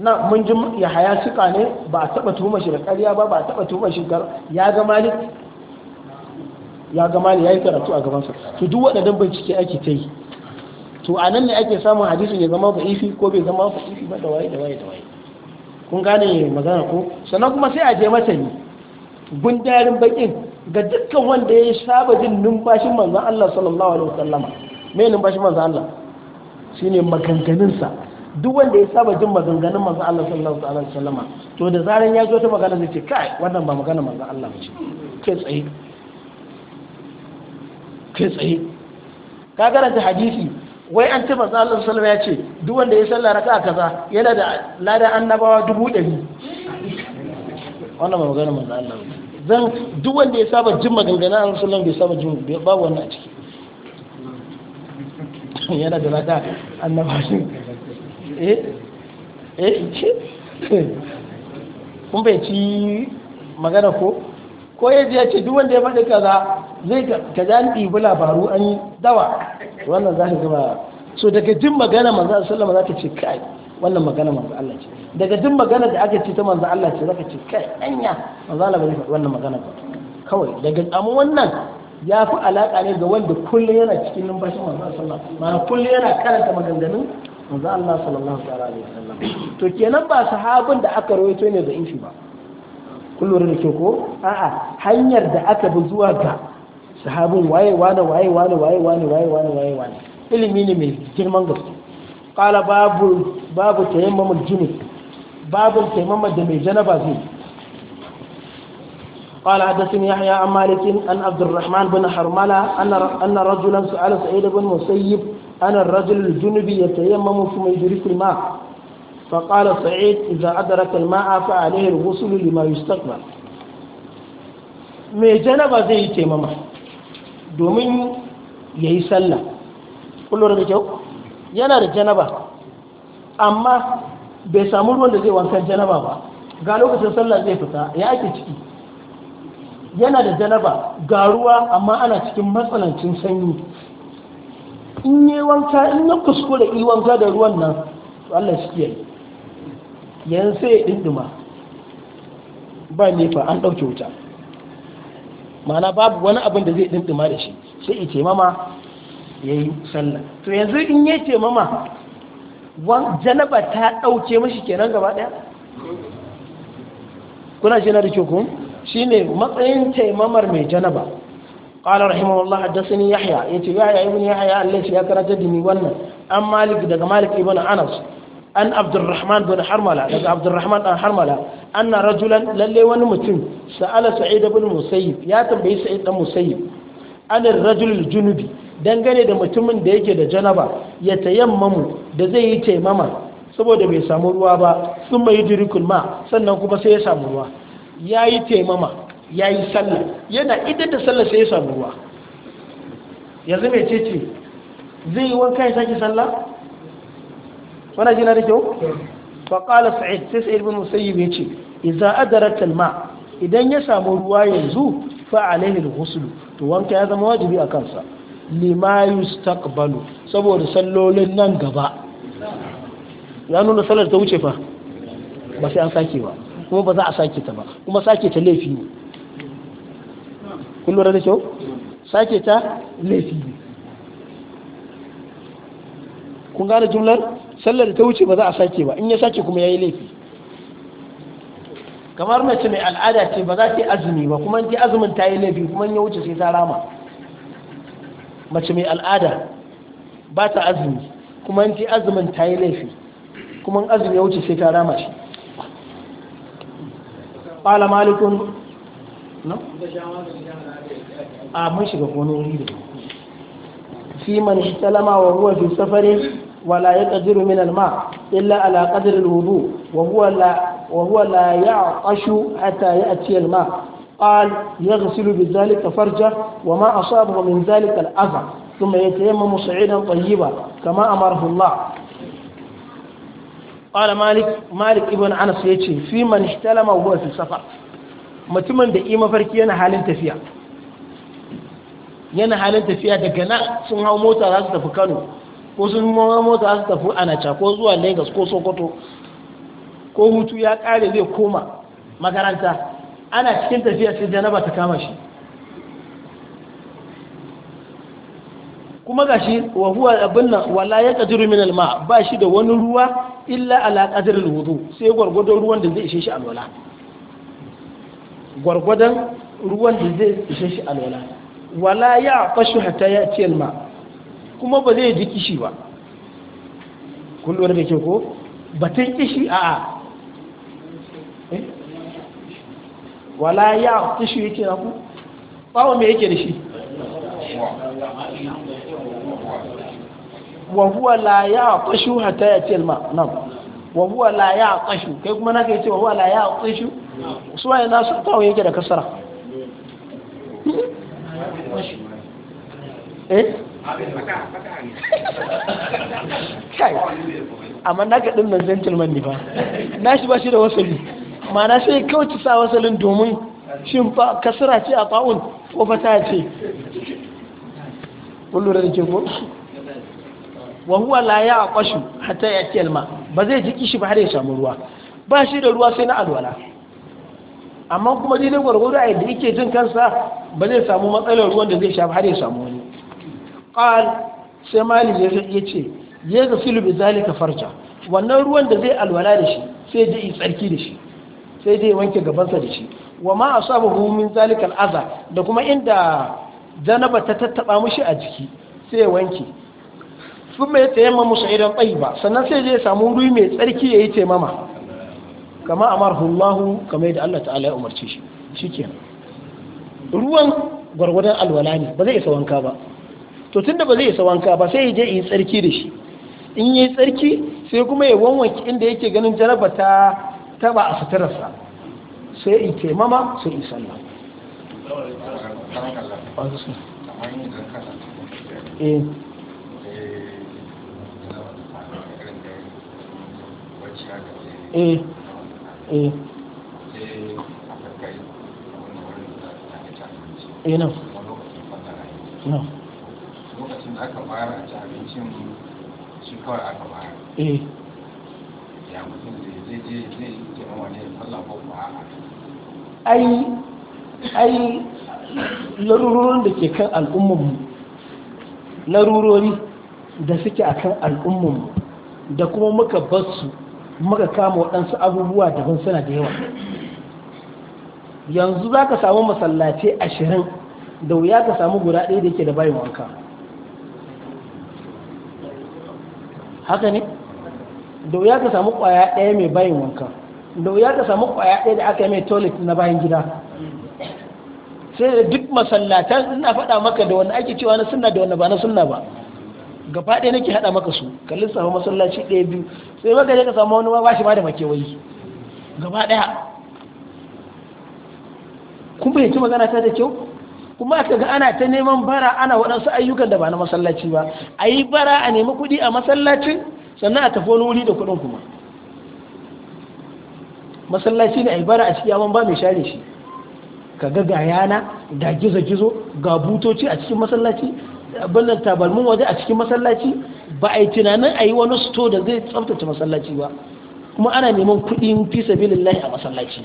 na mun ji yahaya suka ne ba a taba tuhuma shi da ƙarya ba ba a taba tuhuma shi ya ga malik ya ga malik ya yi karatu a gaban sa, to duk waɗannan bincike ake ta yi to a nan ne ake samun hadisin ya zama ba ifi ko bai zama ba ifi ba da waye da waye da waye kun gane magana ko sannan kuma sai a je matani gundarin bakin ga dukkan wanda ya saba jin numfashin manzon Allah sallallahu alaihi wasallam me numfashin manzon Allah shine maganganun sa duk wanda ya saba jin maganganun manzon Allah sallallahu alaihi wasallam to da zaran ya zo ta magana zai ce kai wannan ba magana manzon Allah ba ce kai tsaye kai tsaye ka garanta hadisi wai an ce manzo Allah sallallahu ya ce duk wanda ya sallah raka kaza yana da ladan annabawa dubu ɗari wannan magana manzo Allah zan duk wanda ya saba jin maganganun Allah sallallahu bai saba jin babu wannan a ciki yana da ladan annabawa eh eh kun bai ci magana ko ko ya ce duk wanda ya faɗi kaza zai ka ji an ɗibi labaru an yi dawa wannan za ka gaba so daga jin magana manzo sallama za ka ce kai wannan magana manzo Allah ce daga jin magana da aka ce ta manzo Allah ce za ka ce kai anya manzo Allah bai faɗi wannan magana ba kawai daga amma wannan ya fi alaƙa ne ga wanda kullum yana cikin numfashin manzo sallama ma'ana kullum yana karanta maganganun manzo Allah sallallahu alaihi wasallam to kenan ba sahabin da aka rawaito ne da inshi ba kullum da ke ko a'a hanyar da aka bi zuwa ga sahabin waye wane waye wane waye wane waye wane waye wane ilimi ne mai girman gaske qala babu babu tayammumul babu tayammum da mai janaba zai malikin an يحيى عن مالك أن عبد الرحمن بن حرملة أن أن رجلا سأل سعيد بن مسيب أن الرجل الجنبي يتيمم ثم يدرك الماء فقال سعيد إذا أدرك الماء فعليه الغسل لما يستقبل mai janaba zai yi taimama domin ya yi sallah kullum da kyau yana da janaba amma bai samu ruwan da zai wankan janaba ba ga lokacin sallah zai fita ya ake ciki yana da janaba ga ruwa amma ana cikin matsanancin sanyi in yi wanka in ya kuskure yi wanka da ruwan nan to Allah shi kiyaye yanzu sai ya dinduma ba nefa an ɗauke wuta mana babu wani abin da zai dindima da shi sai i taimama ya yi sallah to yanzu in ya taimama janaba ta ɗauke mashi kenan gaba ɗaya kuna shi na da kyau shi ne matsayin taimamar mai janaba ƙwala rahimar Allah haddasini yahya ya ce yahya ibn yahya Allah ya karanta da ni wannan an malik daga malik ibn anas an abdurrahman bin harmala daga abdurrahman dan harmala anna rajulan lalle wani mutum sa'ala sa'id ibn musayyib ya tambayi sa'id dan musayyib anil rajulul junubi dangane da mutumin da yake da janaba ya tayammamu da zai yi taimama saboda bai samu ruwa ba sun mai dirikul ma sannan kuma sai ya samu ruwa ya yi taimama ya yi sallah yana ita da sallah sai ya samu ruwa yanzu mai cece zai yi wanka ya sake sallah wana jina da kyau faƙala sa'id sai sa'id bin musayyib ya ce idza adarat alma idan ya samu ruwa yanzu fa alaihi alghusl to wanka ya zama wajibi a kansa lima yustaqbalu saboda sallolin nan gaba ya nuna sallar ta wuce fa ba sai an sake ba kuma ba za a sake ta ba kuma sake ta laifi ne kullu lura da kyau sake ta laifi ne kun gane jumlar sallar ta wuce ba za a sake ba in ya sake kuma ya yi laifi kamar mace mai al'ada ce ba za ta yi azumi ba kuma ta azumin ta yi laifi kuma ya wuce sai ta rama mace mai al'ada ba ta azumi kuma ta azumin ta yi laifi kuma azumi ya wuce sai ta rama shi ƙwala malikun no? a mun shiga kone wuri da fi man talama wa ruwa fi safari ولا يقدر من الماء إلا على قدر الوضوء وهو لا, وهو لا يعطش حتى يأتي الماء قال يغسل بذلك فرجه وما أصابه من ذلك الأذى ثم يتيمم صعيدا طيبا كما أمره الله قال مالك مالك ابن أنس يتي في من احتلم وهو في السفر mutumin da ima farki yana halin tafiya yana halin tafiya daga nan sun hau mota za su tafi kano ko sun mota su tafi anacha ko zuwa lagos ko sokoto ko hutu ya kare zai koma makaranta ana cikin tafiya sai janaba ta kama shi kuma ga shi wa huwa abin nan wala ya qadiru min alma ba shi da wani ruwa illa ala qadri alwudu sai gwargwadon ruwan da zai ishe shi alwala gwargwadon ruwan da zai ishe shi alwala wala ya fashu hatta ya ci alma kuma ba zai ji kishi ba kun lura da ke ko batun kishi a a eh? wala ya kishi yake na ku bawa me yake da shi wahuwa la ya kashu hata ya ce ma nan wa huwa la ya kashu kai kuma ka yi ce wahuwa la ya kashu suwaye nasu tawo yake da kasara hmm? eh kai amma na ga ɗin nan gentleman ne ba na shi ba shi da wasali mana sai kawai sa wasalin domin shin ba kasira ce a fa'un ko fata ce kun da ke ko wa huwa la ya aqashu hatta ya kelma ba zai ji kishi ba har ya samu ruwa ba shi da ruwa sai na alwala amma kuma dai ne gwargwado a yadda yake jin kansa ba zai samu matsalar ruwan da zai sha har ya samu wani qal sai mali ya yace ya gasilu bi zalika farja wannan ruwan da zai alwala da shi sai dai yi tsarki da shi sai dai wanke gabansa da shi wa ma asabahu min zalika al'aza da kuma inda janaba ta tattaba mushi a jiki sai ya wanke sun mai tayamma musu idan tsayi ba sannan sai zai samu ruwi mai tsarki ya yi taimama kama amarhullahu kama yadda Allah ta'ala ya umarce shi shikenan ruwan gwargwadon alwala ne ba zai isa wanka ba to tun da ba zai sawanka wanka ba sai ya je yi tsarki da shi in yi tsarki sai kuma ya wanwanki inda yake ganin jaraba ta taba a suturarsa sai in taimama sai in sallah eh. Eh. Eh. no aka fara a ci abincin shi kawai aka fara eh. ya mutum zai je zai yi mawa ne sallah ko ba ai ai larurorin da ke kan al'ummanmu larurori da suke a kan al'ummanmu da kuma muka basu muka kama waɗansu abubuwa daban suna da yawa yanzu za ka samu masallace ashirin da wuya ka samu guda ɗaya da yake da bayan wanka haka ne da wuya ka samu kwaya ɗaya mai bayin wanka da wuya ka samu kwaya ɗaya da aka yi mai toilet na bayan gida sai da duk masallatan ina faɗa maka da wanda ake cewa na sunna da wanda ba na sunna ba gaba ɗaya nake haɗa maka su ka lissafa masallaci ɗaya biyu sai maka je ka samu wani ba shi ma da makewayi gaba ɗaya kun fahimci magana ta da kyau kuma ka ga ana ta neman bara ana waɗansu ayyukan da ba na masallaci ba a yi bara a nemi kuɗi a masallacin sannan a tafi wani wuri da kuɗin kuma masallaci ne a yi bara a ciki yaman ba mai share shi ka ga ga yana ga gizo-gizo ga butoci a cikin masallaci abinnan tabarmin waje a cikin masallaci ba a yi tunanin a yi wani sto da zai tsaftace masallaci ba kuma ana neman kuɗin fi sabilillahi a masallaci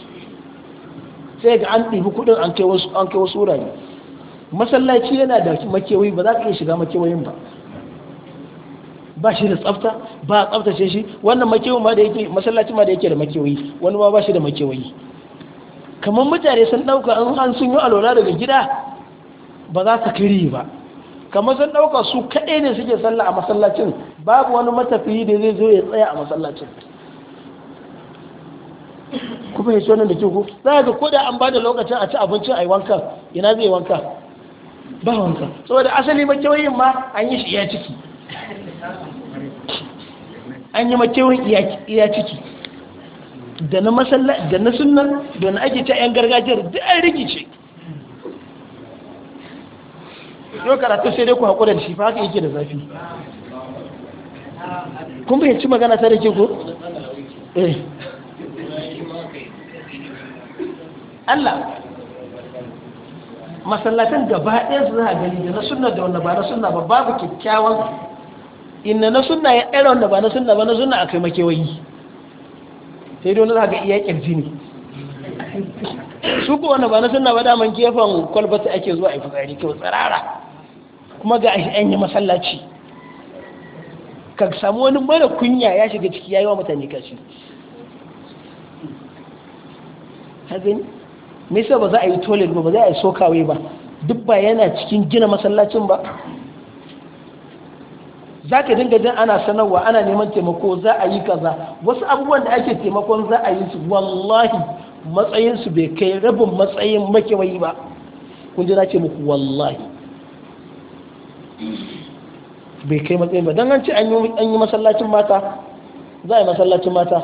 sai ga an ɗibi kuɗin an kai wasu wurare masallaci yana da makewayi ba za ka iya shiga makewayin ba ba shi da tsafta ba a tsaftace shi wannan makewa ma da yake masallaci ma da yake da makewayi wani ma ba shi da makewayi kamar mutane sun ɗauka an an sun yi alola daga gida ba za su kiri ba kamar sun ɗauka su kaɗai ne suke sallah a masallacin babu wani matafiyi da zai zo ya tsaya a masallacin kuma ya ce wannan da kyau za ka koda an ba da lokacin a ci abincin a yi wanka ina zai wanka ba wanka saboda asali makewayin ma an yi shi iya ciki an yi makewayin iya ciki da na masalla da na sunan da na ake ta 'yan gargajiyar da an rikice yau karatu sai dai ku haƙura da shi fa haka yake da zafi kun fahimci magana ta da ke ko? eh Allah masallatan gaba ɗaya su za a gani da na suna da wanda ba na suna ba babu kyakkyawan inda na suna ya ɗaya wanda ba na suna ba na suna a akai makewayi sai dole za ga iya ƙirji ne su kuwa wanda ba na suna ba daman gefen kwalbata ake zuwa a fitsari kyau tsirara kuma ga an yi masallaci ka samu wani mara kunya ya shiga ciki ya yi wa mutane kashi me yasa ba za a yi toilet ba ba za a yi sokawe ba duk ba yana cikin gina masallacin ba za ka dinga jin ana sanarwa ana neman taimako za a yi kaza wasu abubuwan da ake taimakon za a yi su wallahi matsayinsu bai kai rabin matsayin makewayi ba kun ji na ce muku wallahi bai kai matsayin ba don an ce an yi masallacin mata za a yi masallacin mata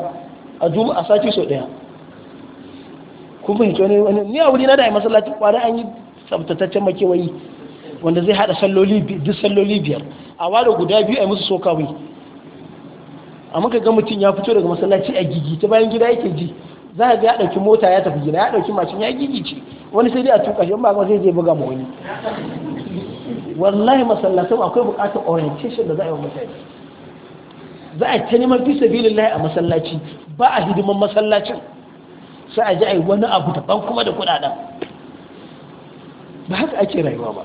a juma'a sati sau ɗaya kun fahimci wani wani ni a wuri na da yi masallacin kwara an yi tsabtataccen makewayi wanda zai hada salloli duk salloli biyar a wada guda biyu yi musu sokawai a muka ga mutum ya fito daga masallaci a gigi ta bayan gida yake ji za ga ya dauki mota ya tafi gida ya dauki mashin ya gigi ce wani sai dai a tuka shi ba ga sai je buga ma wani wallahi masallatan akwai bukatar orientation da za a yi wa mutane za a ta neman fi sabilillahi a masallaci ba a hidiman masallacin sai a ji a yi wani abu daban kuma da kudaden ba haka ake rayuwa ba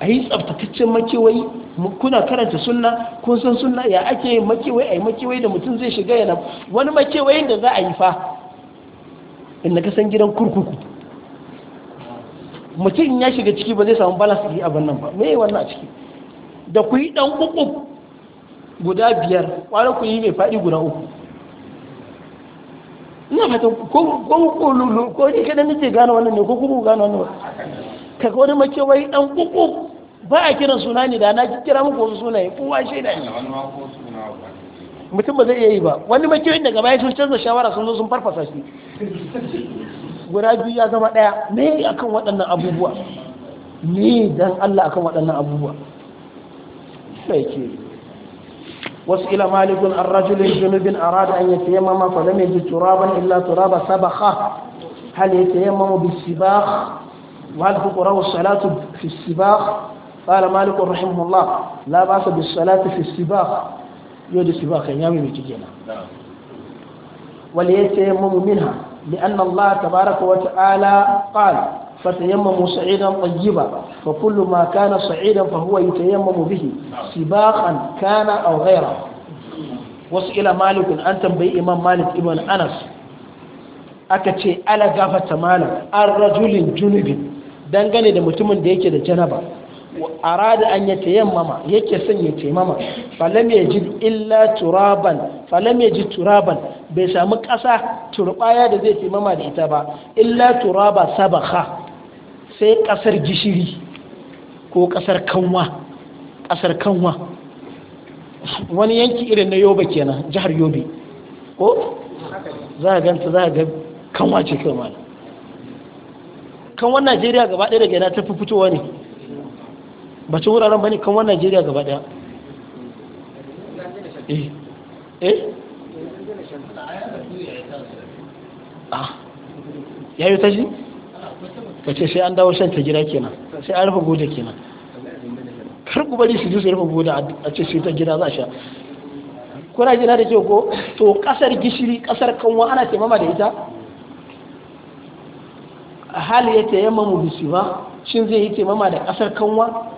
a yi tsaftataccen makewayi kuna karanta sunna kun san sunna ya ake yin makewayi a yi makewayi da mutum zai shiga yana wani makewayin da za a yi fa inda na san gidan kurkuku mutum ya shiga ciki ba zai samu balas yi abin nan ba mai wannan a ciki da ku yi ɗan ƙuƙuf guda biyar kwanaku yi mai faɗi guda uku ina fatan ko ko ko ni kada nake gane wannan ne ko ku gane wannan kaga wani makewai dan kuku ba a kiran suna ne da na kira muku wasu suna sunaye kowa shaida ne mutum ba zai iya yi ba wani makiyoyin daga baya sun canza shawara sun zo sun farfasa shi guda biyu ya zama ɗaya me akan waɗannan abubuwa ne dan Allah akan waɗannan abubuwa sai ke وسئل مالك عن رجل أراد أن يتيمم فلم يجد ترابا إلا تراب سبخة هل يتيمم بالسباخ وهل تقرأ الصلاة في السباخ قال مالك رحمه الله لا بأس بالصلاة في السباخ يود السباخ يامي بتجينا وليتيمم منها لأن الله تبارك وتعالى قال فتيمموا صعيدا طيبا فكل ما كان صعيدا فهو يتيمم به سباقا كان أو غيره وسئل مالك أن تنبي إمام مالك ابن Ala أكتشي ألا غافة مالك الرجل جنب dangane da mutumin da yake da janaba arada an ya tayammama yake son ya tayammama falam illa turaban falam turaban bai samu ƙasa turbaya da zai tayammama da ita ba illa turaba sabaha sai ƙasar gishiri ko ƙasar kanwa ƙasar kanwa wani yanki irin na yobe kenan jihar yobe ko za a ganta za a ga kanwa ce kai mana kanwan najeriya gaba ɗaya daga yana tafi fitowa ne ci wuraren bane kanwan najeriya gaba ɗaya eh eh ah ya yi ta shi ka ce sai an dawo shan ta gida kenan sai an rufe goda kenan kar ku bari su ji su rufe goda a ce sai ta gida za a sha kuna gina da ke ko to kasar gishiri kasar kanwa ana taimama da ita a hali ya taimama mu bisu ba shin zai yi taimama da kasar kanwa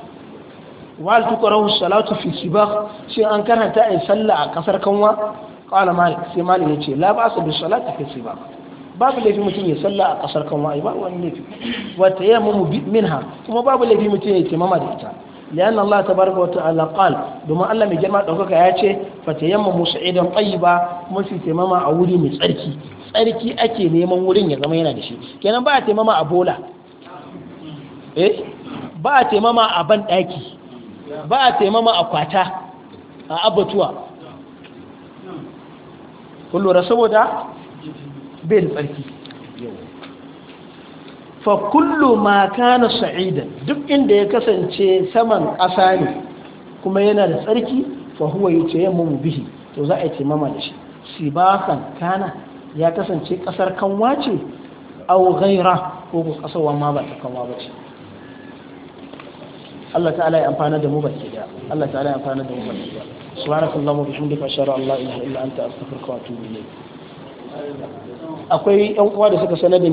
wal tuqrahu salatu fi sibah shin an karanta ai sallah a kasar kanwa qala malik sai malik yace la su bi salatu fi sibah babu laifi mutum ya salla a kasar kan wa'ai babu wani laifi wata ya mamu minha kuma babu laifi mutum ya taimama da ita lian Allah tabaraka wata'ala qal domin Allah mai girma daukaka ya ce fatayammamu sa'idan ba. kuma su taimama a wuri mai tsarki tsarki ake neman wurin ya zama yana da shi kenan ba a taimama a bola eh ba a taimama a ban daki ba a taimama a kwata a abatuwa kullu lura saboda bai da tsarki fa kullu ma kana sa'idan duk inda ya kasance saman ƙasa ne kuma yana da tsarki fa huwa yace mu bihi to za a yi mama da shi sibakan kana ya kasance ƙasar kanwa ce aw ghaira ko ko ƙasar ma ba ta kanwa ba ce Allah ta'ala ya amfana da mu baki da Allah ta'ala ya amfana da mu baki da subhanakallahumma wa bihamdika ashhadu an la ilaha illa anta astaghfiruka wa atubu ilayk akwai yan uwa da suka sanar da